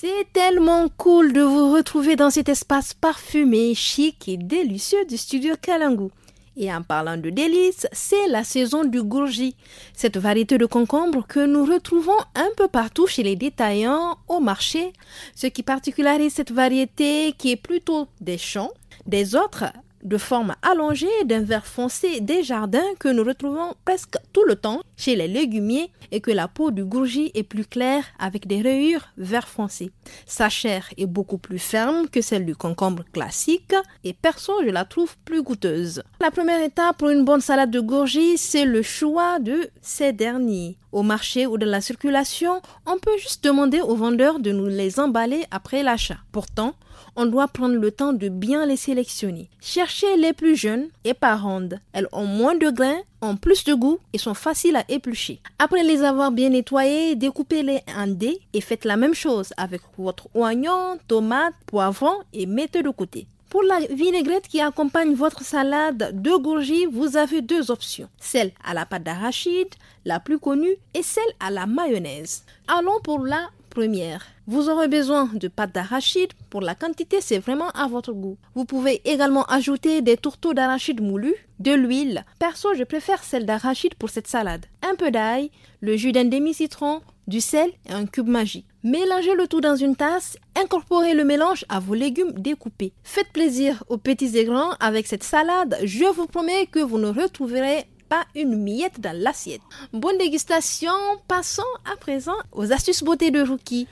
C'est tellement cool de vous retrouver dans cet espace parfumé, chic et délicieux du studio Kalangu. Et en parlant de délices, c'est la saison du gourji, cette variété de concombre que nous retrouvons un peu partout chez les détaillants, au marché. Ce qui particularise cette variété qui est plutôt des champs des autres de forme allongée, d'un vert foncé, des jardins que nous retrouvons presque tout le temps chez les légumiers et que la peau du gourgi est plus claire avec des rayures vert foncé. Sa chair est beaucoup plus ferme que celle du concombre classique et perso, je la trouve plus goûteuse. La première étape pour une bonne salade de gourgi, c'est le choix de ces derniers. Au marché ou dans la circulation, on peut juste demander aux vendeurs de nous les emballer après l'achat. Pourtant, on doit prendre le temps de bien les sélectionner. Cherchez les plus jeunes et par ronde. Elles ont moins de grains, ont plus de goût et sont faciles à éplucher. Après les avoir bien nettoyées, découpez-les en dés et faites la même chose avec votre oignon, tomate, poivron et mettez de côté. Pour la vinaigrette qui accompagne votre salade de gourgis, vous avez deux options. Celle à la pâte d'arachide, la plus connue, et celle à la mayonnaise. Allons pour la première. Vous aurez besoin de pâte d'arachide pour la quantité, c'est vraiment à votre goût. Vous pouvez également ajouter des tourteaux d'arachide moulu, de l'huile. Perso, je préfère celle d'arachide pour cette salade. Un peu d'ail, le jus d'un demi-citron, du sel et un cube magique. Mélangez le tout dans une tasse, incorporez le mélange à vos légumes découpés. Faites plaisir aux petits et grands avec cette salade, je vous promets que vous ne retrouverez pas une miette dans l'assiette. Bonne dégustation, passons à présent aux astuces beauté de Rookie.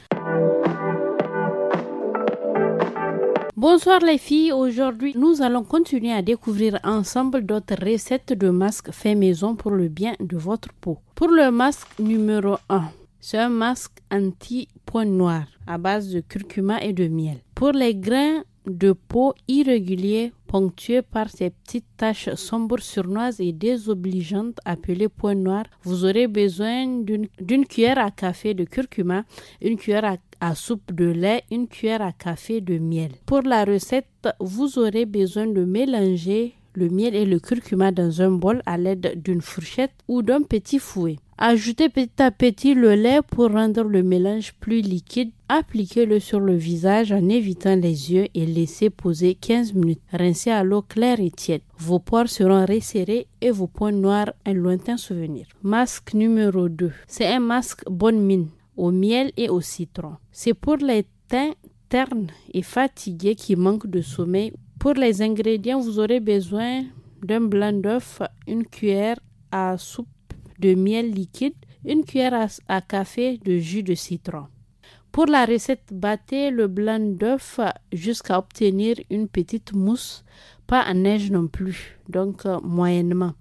Bonsoir les filles, aujourd'hui nous allons continuer à découvrir ensemble d'autres recettes de masques fait maison pour le bien de votre peau. Pour le masque numéro 1, c'est un masque anti-point noir à base de curcuma et de miel. Pour les grains de peau irréguliers ponctué par ces petites taches sombres surnoises et désobligeantes appelées points noirs. Vous aurez besoin d'une cuillère à café de curcuma, une cuillère à soupe de lait, une cuillère à café de miel. Pour la recette, vous aurez besoin de mélanger le miel et le curcuma dans un bol à l'aide d'une fourchette ou d'un petit fouet. Ajoutez petit à petit le lait pour rendre le mélange plus liquide. Appliquez-le sur le visage en évitant les yeux et laissez poser 15 minutes. Rincez à l'eau claire et tiède. Vos pores seront resserrés et vos points noirs un lointain souvenir. Masque numéro 2. C'est un masque bonne mine au miel et au citron. C'est pour les teints ternes et fatigués qui manquent de sommeil. Pour les ingrédients, vous aurez besoin d'un blanc d'œuf, une cuillère à soupe de miel liquide, une cuillère à café de jus de citron. Pour la recette, battez le blanc d'œuf jusqu'à obtenir une petite mousse, pas à neige non plus, donc euh, moyennement.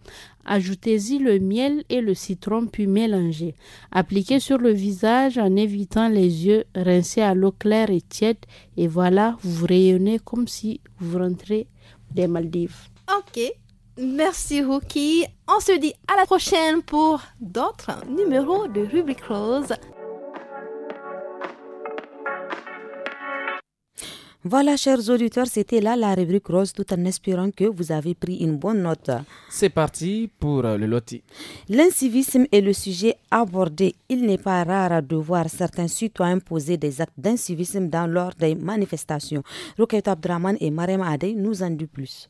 Ajoutez-y le miel et le citron puis mélangez. Appliquez sur le visage en évitant les yeux, rincez à l'eau claire et tiède et voilà, vous rayonnez comme si vous rentrez des Maldives. Ok, Merci Rookie. On se dit à la prochaine pour d'autres numéros de Rubric Rose. Voilà, chers auditeurs, c'était là la rubrique rose, tout en espérant que vous avez pris une bonne note. C'est parti pour le loti. L'incivisme est le sujet abordé. Il n'est pas rare de voir certains citoyens poser des actes d'incivisme lors des manifestations. Roket Abdraman et Marem Adey nous en disent plus.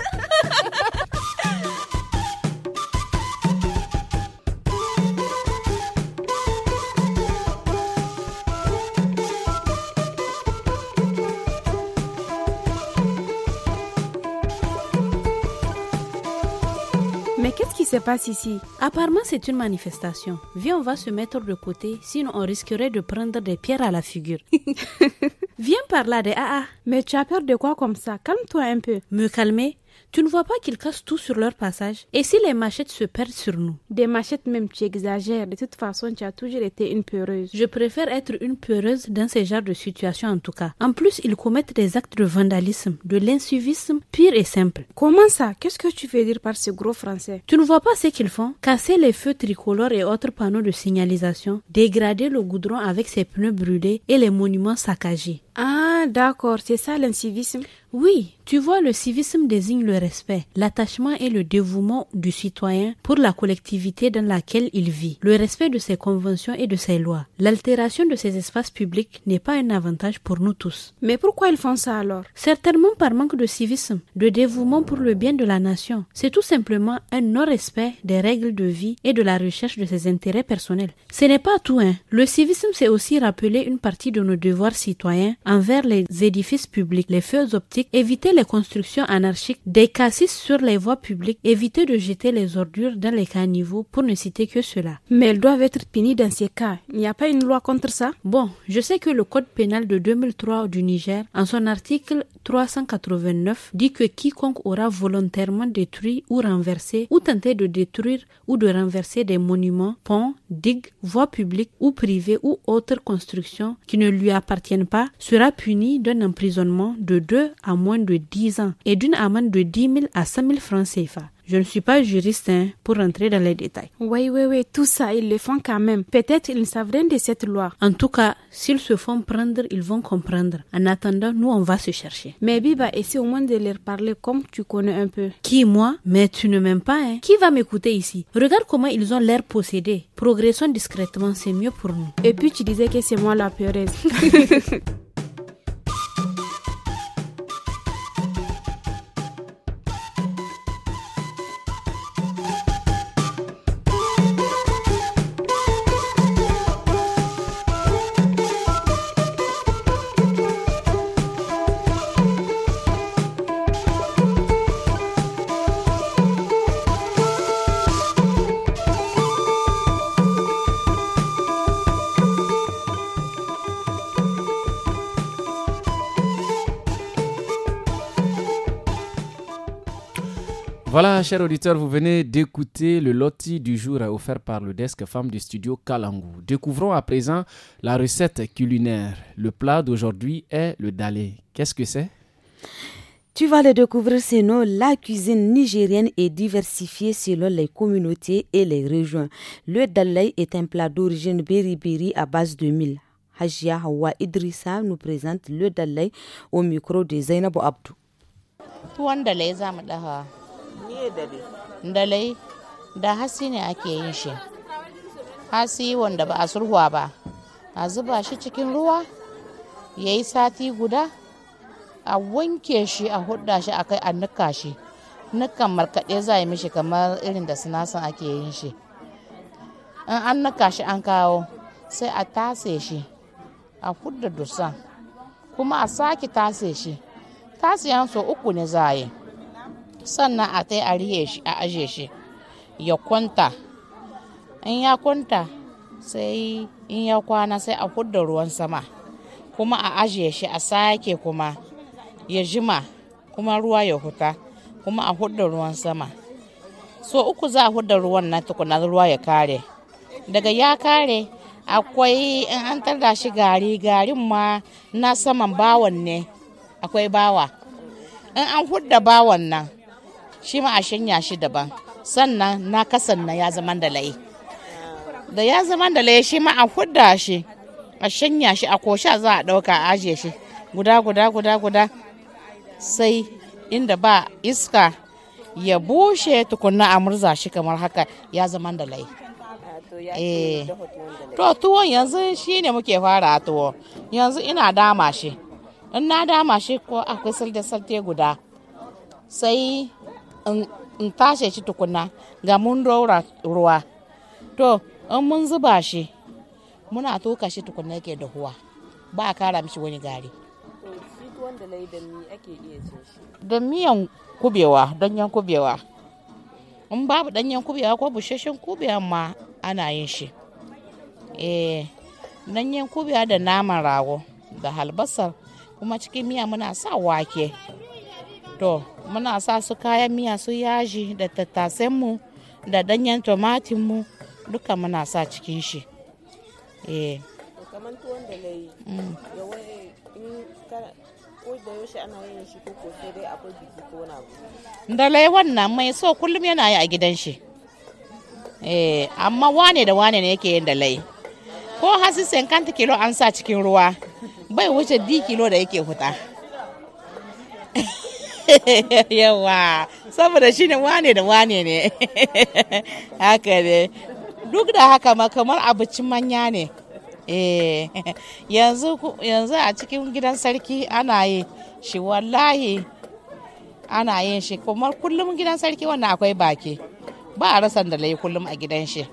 se passe ici Apparemment, c'est une manifestation. Viens, on va se mettre de côté, sinon on risquerait de prendre des pierres à la figure. Viens par là, des AA. Mais tu as peur de quoi comme ça Calme-toi un peu. Me calmer tu ne vois pas qu'ils cassent tout sur leur passage Et si les machettes se perdent sur nous Des machettes même, tu exagères. De toute façon, tu as toujours été une peureuse. Je préfère être une peureuse dans ce genre de situation en tout cas. En plus, ils commettent des actes de vandalisme, de l'insuivisme pire et simple. Comment ça Qu'est-ce que tu veux dire par ce gros français Tu ne vois pas ce qu'ils font Casser les feux tricolores et autres panneaux de signalisation, dégrader le goudron avec ses pneus brûlés et les monuments saccagés. Ah, d'accord, c'est ça civisme Oui, tu vois, le civisme désigne le respect, l'attachement et le dévouement du citoyen pour la collectivité dans laquelle il vit, le respect de ses conventions et de ses lois. L'altération de ces espaces publics n'est pas un avantage pour nous tous. Mais pourquoi ils font ça alors Certainement par manque de civisme, de dévouement pour le bien de la nation. C'est tout simplement un non-respect des règles de vie et de la recherche de ses intérêts personnels. Ce n'est pas tout, hein. Le civisme, c'est aussi rappeler une partie de nos devoirs citoyens envers les édifices publics, les feux optiques, éviter les constructions anarchiques, des cassis sur les voies publiques, éviter de jeter les ordures dans les caniveaux, pour ne citer que cela. Mais elles doivent être punies dans ces cas. Il n'y a pas une loi contre ça Bon, je sais que le Code pénal de 2003 du Niger, en son article 389, dit que quiconque aura volontairement détruit ou renversé ou tenté de détruire ou de renverser des monuments, ponts, digues, voies publiques ou privées ou autres constructions qui ne lui appartiennent pas, sera puni d'un emprisonnement de 2 à moins de 10 ans et d'une amende de 10 000 à 5 000 francs CFA. Je ne suis pas juriste hein, pour rentrer dans les détails. Oui, oui, oui, tout ça, ils le font quand même. Peut-être ils ne savent rien de cette loi. En tout cas, s'ils se font prendre, ils vont comprendre. En attendant, nous, on va se chercher. Mais Biba, essaie au moins de leur parler comme tu connais un peu. Qui, moi Mais tu ne m'aimes pas, hein Qui va m'écouter ici Regarde comment ils ont l'air possédés. Progressons discrètement, c'est mieux pour nous. Et puis tu disais que c'est moi la peureuse. Voilà, chers auditeurs, vous venez d'écouter le loti du jour offert par le desk femme du studio Kalangu. Découvrons à présent la recette culinaire. Le plat d'aujourd'hui est le dalé. Qu'est-ce que c'est tu vas le découvrir, sinon la cuisine nigérienne est diversifiée selon les communautés et les régions. Le dalai est un plat d'origine beriberi à base de mille. Hajia Hawa Idrissa nous présente le dalai au micro de Zainabou Abdou. dalai da hasi ne ake yin shi hasi wanda ba a surhuwa ba a zuba shi cikin ruwa ya yi sati guda a wanke shi a hudda shi a kai a nuka shi nukan markaɗe za yi mishi kamar irin da sinasan ake yin shi in an nuka shi an kawo sai a tase shi a hudda dusan kuma a sake tase shi tasiyan so uku ne za yi sannan a tai a riye shi a aje shi ya kwanta in ya kwanta sai in ya kwana sai a hudda ruwan sama kuma a aje shi a sake kuma ya jima kuma ruwa ya huta kuma a hudda ruwan sama so uku za a hudda ruwan na tukuna ruwa ya kare daga ya kare akwai in an tarda shi gari garin ma na saman bawan ne akwai bawa in an hudda bawan nan shi ma a shanya shi daban sannan na kasan na ya zaman da laye da ya zaman da laye shi ma a hudda shi a shanya shi a kosha za a ɗauka a ajiye shi guda guda guda guda sai inda ba iska ya bushe tukunna a murza shi kamar haka ya zaman da laye eh. to tuwon yanzu shi ne muke fara tuwo yanzu ina dama shi in na dama shi ko akwai salte-salte guda sai in tashe shi tukuna ga mun daura ruwa to in mun zuba shi muna toka shi tukuna ke da huwa ba a kara mishi wani gari da miyan kubewa danyen kubewa in babu danyen kubewa ko busheshen kubewa ma ana yin shi eh danyen kubewa da naman rago da halbasar kuma cikin miya muna sa wake to muna sa su kayan miya su yaji da mu da danyen mu duka muna sa cikin shi eh tuwon da lai mm. da wai in ko da yaushe ana yin shi ko sai dai akwai biki ko da wannan mai so kullum yana yi a gidan shi eh amma wane da wane ne yake yin da lai ko hasi kanta kilo an sa cikin ruwa bai wuce di kilo da yake huta yawa saboda shi ne wane da wane ne haka ne duk da haka ma kamar abincin manya ne eh. yanzu a cikin gidan sarki ana yi shi wallahi ana yin shi kuma kullum gidan sarki wannan akwai baki ba a rasan da lai kullum a gidan shi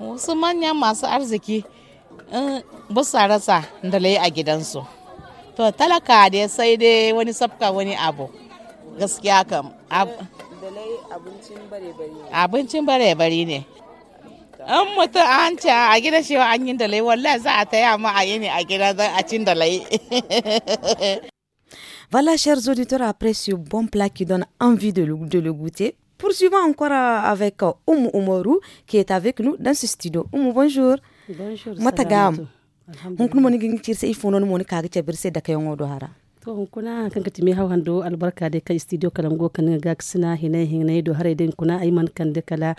wasu manyan masu arziki ba su rasa da lai a gidansu to talaka dai sai dai wani sabka wani abu gaskiya kam abincin bare-bare ne in mutum an ce a gida shi an yi dalai wallahi za a taya mu a yi ne a gida zan a cin dalai Voilà, chers auditeurs, après ce bon plat qui donne envie de le, de le goûter, poursuivons encore avec Oumu Oumoru qui est avec nous dans ce studio. Oumu, bonjour. Bonjour. Matagam. Hon kun moni gin tirse ifono moni kaga cebirse da kayon odo hara. to kuna kan ka mi hawan do albarka de ka studio kalango kan ga sina hinai hinai do hare den kuna ayman kan de kala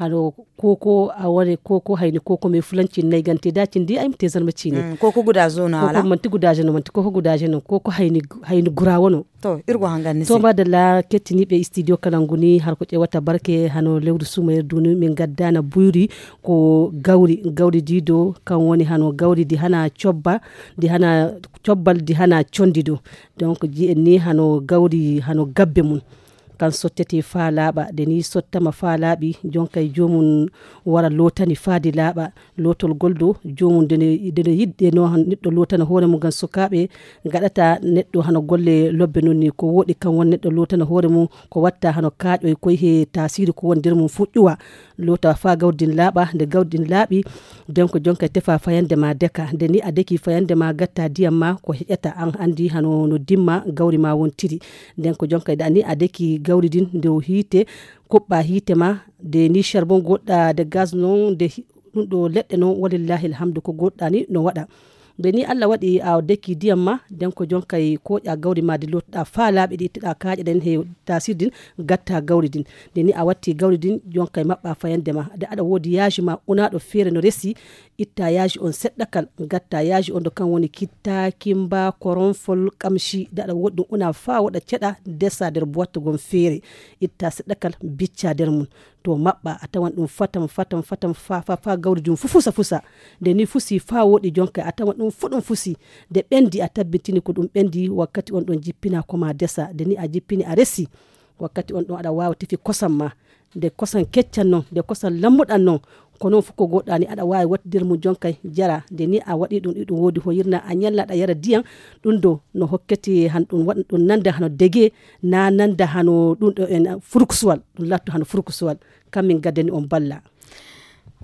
haro koko a ware koko hayni koko me fulanci nay da dacin di aymte zarma cine mm, koko guda zona wala koko manti guda zona manti koko guda zona koko hayni hayni gura gurawono to irgo hanganni to ba dalla kettini be studio kalanguni har ko wata barke hano lewru sumayr duni min gaddana buyri ko gawri gawri dido kan woni hano gawri di hana chobba di hana chobbal di hana condi do donc ji en ni hano gawri hano gabbe mun kan sottete fa laaɓa de ni sottama fa laaɓi jonka e jomum wara lotani faade laaɓa lotol goldo jomum dene dene yidde no neɗɗo lotana hoore mum gam sukaɓe gaɗata neɗɗo hano golle lobbe noon ni ko woɗi kan won neɗɗo lotana hoore mum ko watta hano kaaƴo e koye tasiri ko won nder lota fa gawdin laaɓa nde gawdin laaɓi donc jonka tefa fayande ma deka nde ni a deki fayande ma gatta diyam ma ko heƴata an andi hano no dimma gawri ma wontiri nden ko jonka dani a deki gawridin dow hiite kuɓɓa hiite ma de ni charbon goɗɗa de gaz noon de ɗum ɗo leɗɗe noon walillahi alhamdu ko goɗɗa ni no waɗa beni allah waɗi a ah, daki diyam ma ko jon ko koƴa gawri ma de lottoɗa fa laaɓi ɗi ittiɗa kaaƴe ɗen he tasir din gatta gawri din ni a watti gawri din jon kay maɓɓa fayande ma de aɗa woodi yaji ma unaɗo feere no resi itta yaji on seɗɗa kal gatta yaji on do kan woni kitta kimba koronfol kamshi da aɗa woɗɗum una fa waɗa ceɗa desa nder boittegon feere itta seɗɗa kal bicca nder mum to maɓɓa a tawan ɗum fatam fatam fatam fa gawri jum fu fusa fusa nde ni fusi fa woɗi jonka a tawan ɗum fu ɗum fusi nde ɓendi a tabbitini ko ɗum ɓendi wakkati on ɗon jippina koma desa nde ni a jippini a resi wakkati on ɗon aɗa wawa tefi kosam ma nde kosan keccan non nde kosan lammuɗan noon ko noon fof ko goɗɗo aɗa wawi mum jonkay jara nde ni a waɗi ɗum ɗiɗum wodi hoyirna a ñallaɗa yara diyam ɗum do no hokketi han ɗum waɗa ɗum nanda hano degue na nanda hano ɗum ɗo en furkusuwal ɗum lattu hano furkusuwal kammin gaddani on balla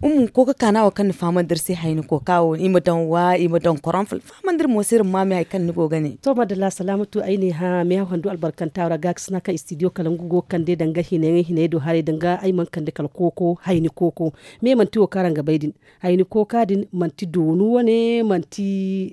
umu ko ka kana wa kan famandir sai hayni ko kawo ni ima dan wa ima dan koran fama famandir mo sir ma mi hay kan ni go gane to madalla salamatu aini ha mi ha handu albarkan tawra gak sna kan studio kalan gugo kan de danga hine hine do hare danga ay man kan de kal koko hayni koko me man ti o karanga baydin hayni ko kadin man ti donu wone man ti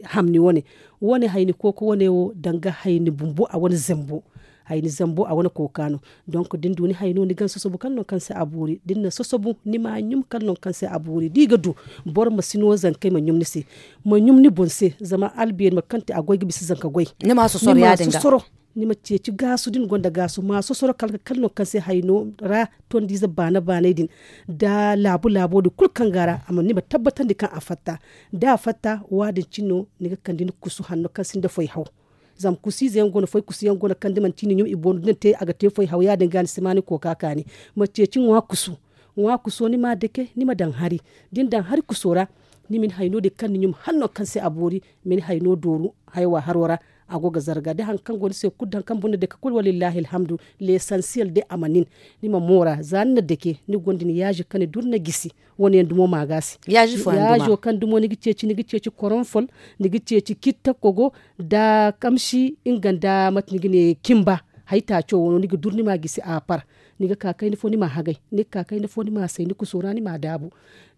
hamni wone wone hayni koko wone wo danga hayni bumbu a wani zambo hayni zambo a wona kokano kano donc din duni hayno ni gan sosobu kan non kanse a buri din na sosobu ni ma nyum kan non kanse a buri diga du bor ma sino zan kai ma nyum ni se ma nyum ni bonse zama albiyen ma kante a goy gibi se zan ka goy ni ma sosoro ya dinga ma ceci gasu din gonda gasu ma sosoro kalka kalno kanse hayno ra ton diza bana bana din da labu labu di kul kan gara amma ma tabbatan di kan afatta da afatta wadin cinno ga kandin kusu hanno kansin da foi hau zam kusi zen gono foi kusi yan gono kandi man tini nyum ibon den te aga te foi hawya den gan simani ko kakani mace cin wa kusu wa kuso ni ma deke ni ma dan hari din dan hari kusora ni min hayno de kan nyum hanno kan se abori min hayno doru haywa harora agoga zarga de han kan gon se kud kan bonde de kul walillahi alhamdu l'essentiel de amanin ni ma mora zanna deke ni gondin yaji kan durna gisi woni en dumo magasi yaji fo yaji o kan dumo ni giceci ni giceci koronfol ni giceci kitta kogo da kamshi inganda matni gine kimba haita cho wono ni durni magisi a par ga kakai ni foni ma hagai ni kakai ni foni ma sai ni kusura ni ma dabu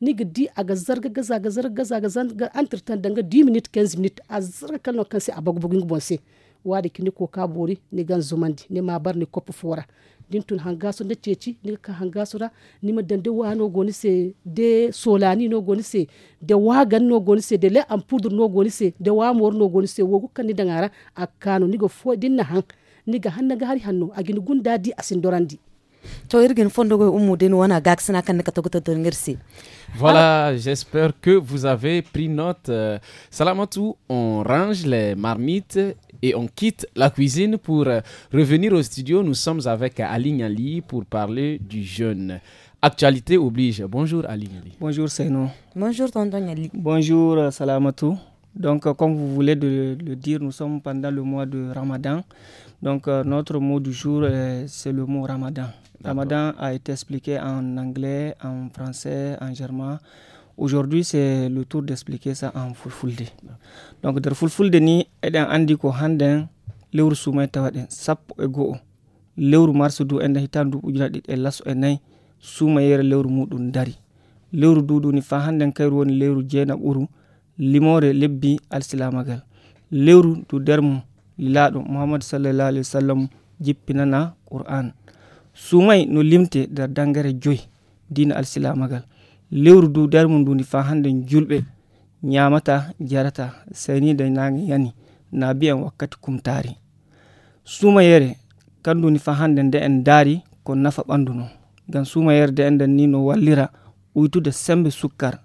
ni ga di ga zarga gaza ga zarga gaza ga zanga antirtan danga 2 minute 15 minute a zarga no kan sai abagu bugin bonse wadi kini ko ka bori ni gan zumandi ni ma bar ni kopu fora din tun hangaso da ceci ni ka hangaso ra ni ma dande wa no goni se de solani no goni se de wagan no goni se de le poudre no goni se de wa mor no goni se wogu kan ni dangara akano ni go fo din na han ni ga hanna ga hari hanno agini gunda di asindorandi voilà j'espère que vous avez pris note euh, salamatou on range les marmites et on quitte la cuisine pour euh, revenir au studio nous sommes avec Ali Ali pour parler du jeûne Actualité oblige. Bonjour Ali. Bonjour Seno. Bonjour Tonton Ali. Bonjour euh, Salamatou. Donc, comme vous voulez le dire, nous sommes pendant le mois de Ramadan. Donc euh, notre mot du jour, euh, c'est le mot ramadan. Ramadan a été expliqué en anglais, en français, en germain. Aujourd'hui, c'est le tour d'expliquer ça en fulfulde. Donc, dans fulfulde ni eden andi ko hannden lewru sumay tawaɗen sap e Leur lewru mars du enden hitan du ujuna ɗiɗi e lasso e nayyi sumayere lewru muɗum dari lewru ni fa hannden kay won lewru jena ɓuru limore lebbi alsilamagal lewru du nder laɗo Muhammad sallallahu wa sallam jippinana qur'an sumai no limte nder dangare joyi dina magal. lewru du darmu ni fa hande nyamata jarata seni da nage yani na biyan kumtari sumayere ni fa hande nde en daari ko nafa ɓandu dan ngam sumayere de enden ni no sembe sukkar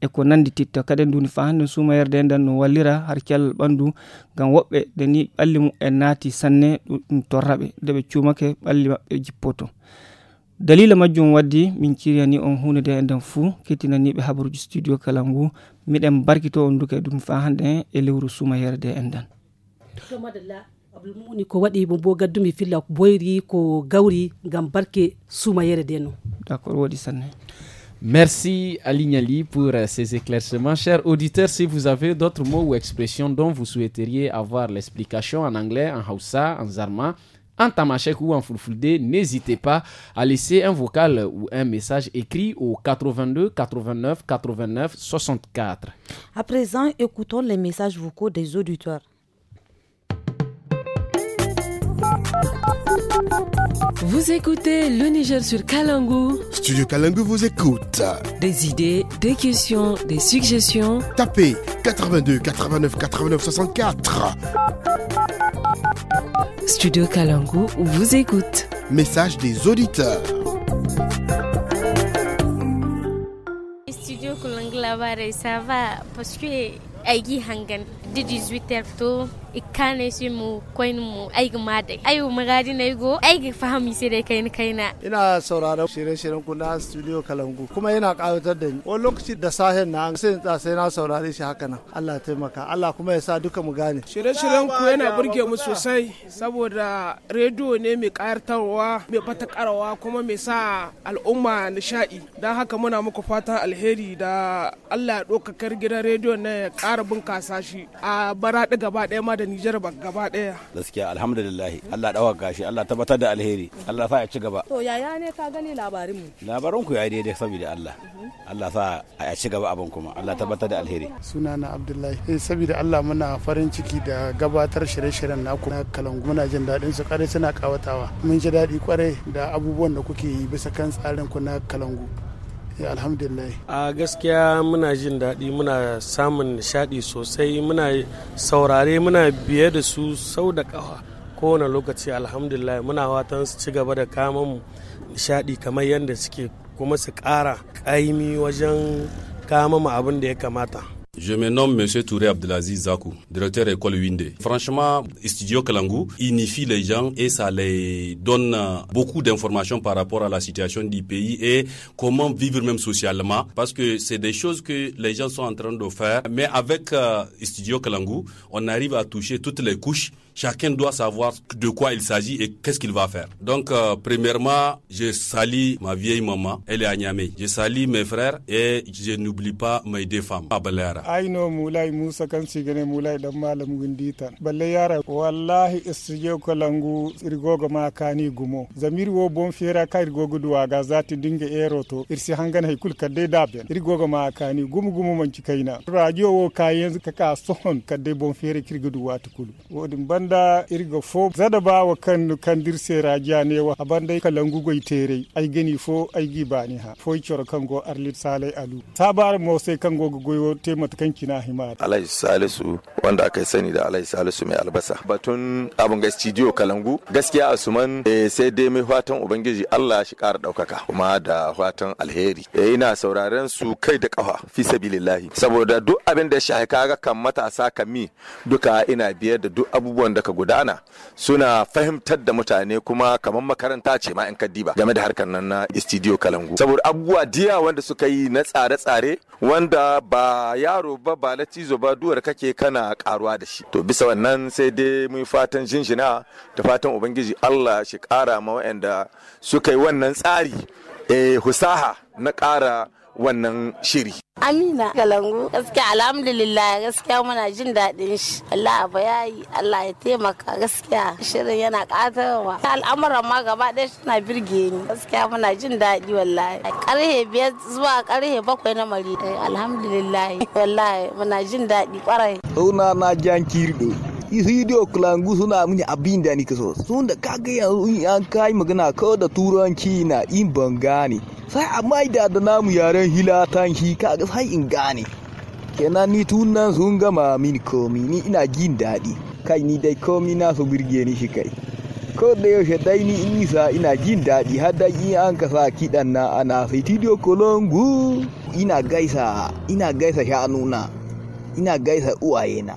eko nandi titta kaden duni fa hannde sumayerde nden no wallira har cellal ɓanndu ngam woɓɓe deni ɓalli mum en naati sanne ɗum torraɓe nde ɓe cuumake ɓalli maɓɓe jippoto dalila majjum waddi min ciriyani on hunde nde enden fuu kettinaniɓe habaruji studio kala ngu miɗen barkito on duke e ɗum fa hannde e lewru sumayere nde endan abdulmuni ko waɗi mo bo gaddumi filla ko boyri ko gawri gam barke sumayere nde no d'accord wadi sanne Merci Alignali pour euh, ces éclaircissements. Chers auditeurs, si vous avez d'autres mots ou expressions dont vous souhaiteriez avoir l'explication en anglais, en Hausa, en Zarma, en Tamashek ou en Fulfulde, n'hésitez pas à laisser un vocal ou un message écrit au 82 89 89 64. À présent, écoutons les messages vocaux des auditeurs. Vous écoutez le Niger sur Kalangou. Studio Kalangu vous écoute. Des idées, des questions, des suggestions. Tapez 82 89 89 64. Studio Kalangou vous écoute. Message des auditeurs. Studio Kalangu, ça va parce que Aïgi Hangan de 18 ikane shi mu koin mu aigi madai ai mu gadi na igo aigi fahimi sai dai kai kai na ina sauraron shirye-shiryen ku na studio Kalangu kuma yana kawatar da ni wani lokaci da sahen na sai na sai na saurare shi haka nan Allah ya taimaka Allah kuma ya sa duka mu gane shirye-shiryen ku yana burge mu sosai saboda rediyo ne mai karatarwa mai fatakarwa kuma mai sa al'umma nishadi don haka muna muku fatan alheri da Allah ya ɗaukakar gidan rediyo na ya kara bunkasa shi a bara gaba ɗaya ma da Nijar ba gaba daya. Gaskiya alhamdulillah Allah dawa gashi Allah tabbatar da alheri Allah sa ya ci gaba. To yaya ne ka gani labarin mu? Labarin ku yayi daidai saboda Allah. Allah sa ya ci gaba abin kuma Allah tabbatar da alheri. Sunana Abdullahi eh saboda Allah muna farin ciki da gabatar shirye-shiryen naku na kalangu muna jin daɗin su kare suna kawatawa. Mun ji daɗi kwarai da abubuwan da kuke yi bisa kan tsarin ku na kalangu. alhamdulillah a gaskiya muna jin daɗi muna samun nishaɗi sosai muna saurare muna biye da su sau da ƙawa kowane lokaci alhamdulillah muna watan su ci gaba da kamun nishaɗi kamar yadda suke kuma su ƙara ƙaimi wajen kama abin da ya kamata Je me nomme Monsieur Touré Abdelaziz Zakou, directeur école Windé. Franchement, Studio Kalangu unifie les gens et ça les donne beaucoup d'informations par rapport à la situation du pays et comment vivre même socialement parce que c'est des choses que les gens sont en train de faire. Mais avec euh, Studio Kalangu, on arrive à toucher toutes les couches chacun doit savoir de quoi il s'agit et qu'est-ce qu'il va faire. Donc, euh, premièrement, je salue ma vieille maman, elle est à Niamey. Je salue mes frères et je n'oublie pas mes deux femmes à Balera. Aïno Moulay Moussa Kansigene Moulay Damal Mouinditan. Balera, Wallahi Estriyo Kolangu, Irgogo Makani Gumo. Zamir wo bon fiera ka Irgogo Douaga, Zati Dinge Eroto, Irsi Hangan Haikul Kade Dabian, Irgogo Makani, Gumu Gumu Manchikaina. Radio wo Kayen Kaka Sohon, Kade Bon Fiera Kirgudu Watukulu. Wodim Band banda irga fo zada ba wa kan dirse sera ne wa abanda kalangu goy tere ay gani fo ay bani ha fo choro kango arlit sale alu sabar mo sai kango goyo te matkan kina himar alai salisu wanda aka sani da alai salisu mai albasa batun abun ga studio kalangu gaskiya asuman eh, sai dai mai ubangiji Allah shi kara daukaka kuma da fatan alheri eh, ina sauraren su kai da kafa fi sabilillahi saboda duk abin da shi kaga kan matasa kan mi duka ina biyar da duk abubuwan da gudana suna fahimtar da mutane kuma kamar makaranta ce ma 'yan kaddiba game da harkar nan na studio kalangu saboda abubuwa diya wanda suka yi na tsare-tsare wanda ba yaro ba ba latizo ba duwar kake kana karuwa da shi to bisa wannan sai dai mun fatan jinjina da fatan ubangiji allah shi kara ma wa'anda suka yi wannan tsari eh, husaha na kara wannan shiri. Amina Galangu gaskiya alhamdulillah gaskiya muna jin daɗin shi Allah ba ya yi Allah ya taimaka gaskiya shirin yana ƙatarwa al'amuran ma gaba ɗaya suna birge ni gaskiya muna jin daɗi wallahi ƙarhe biyar zuwa ƙarhe bakwai na mari eh, alhamdulillah wallahi muna jin daɗi ƙwarai. Suna na Jan Kirdo. studio kalangu suna mini abin da nika so sun da kaga yanzu in an kai magana ko da turanci na in ban gane sai a maida da namu yaren shi kaga sai in gane kenan ni tunan sun gama min komi ni ina jin daɗi kai ni dai komi na su birge ni shi kai ko da yaushe dai ni in nisa ina jin daɗi har da in an sa kiɗan na ana studio kolongu ina gaisa ina gaisa shanuna ina gaisa uwayena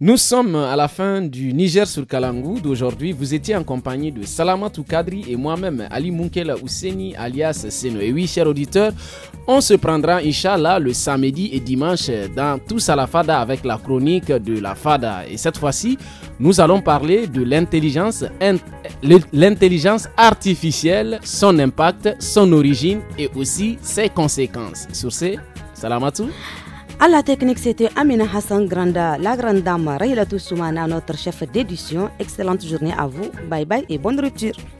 Nous sommes à la fin du Niger sur Kalangou d'aujourd'hui. Vous étiez en compagnie de Salamatou Kadri et moi-même, Ali Munkela Ousseni, alias Seno. Et oui, chers auditeurs, on se prendra, Inch'Allah, le samedi et dimanche dans Tous à la Fada avec la chronique de la Fada. Et cette fois-ci, nous allons parler de l'intelligence, l'intelligence artificielle, son impact, son origine et aussi ses conséquences. Sur ce, Salamatou. À la technique, c'était Amina Hassan Granda, la grande dame Rayla Toussoumana, notre chef d'édition. Excellente journée à vous. Bye bye et bonne rupture.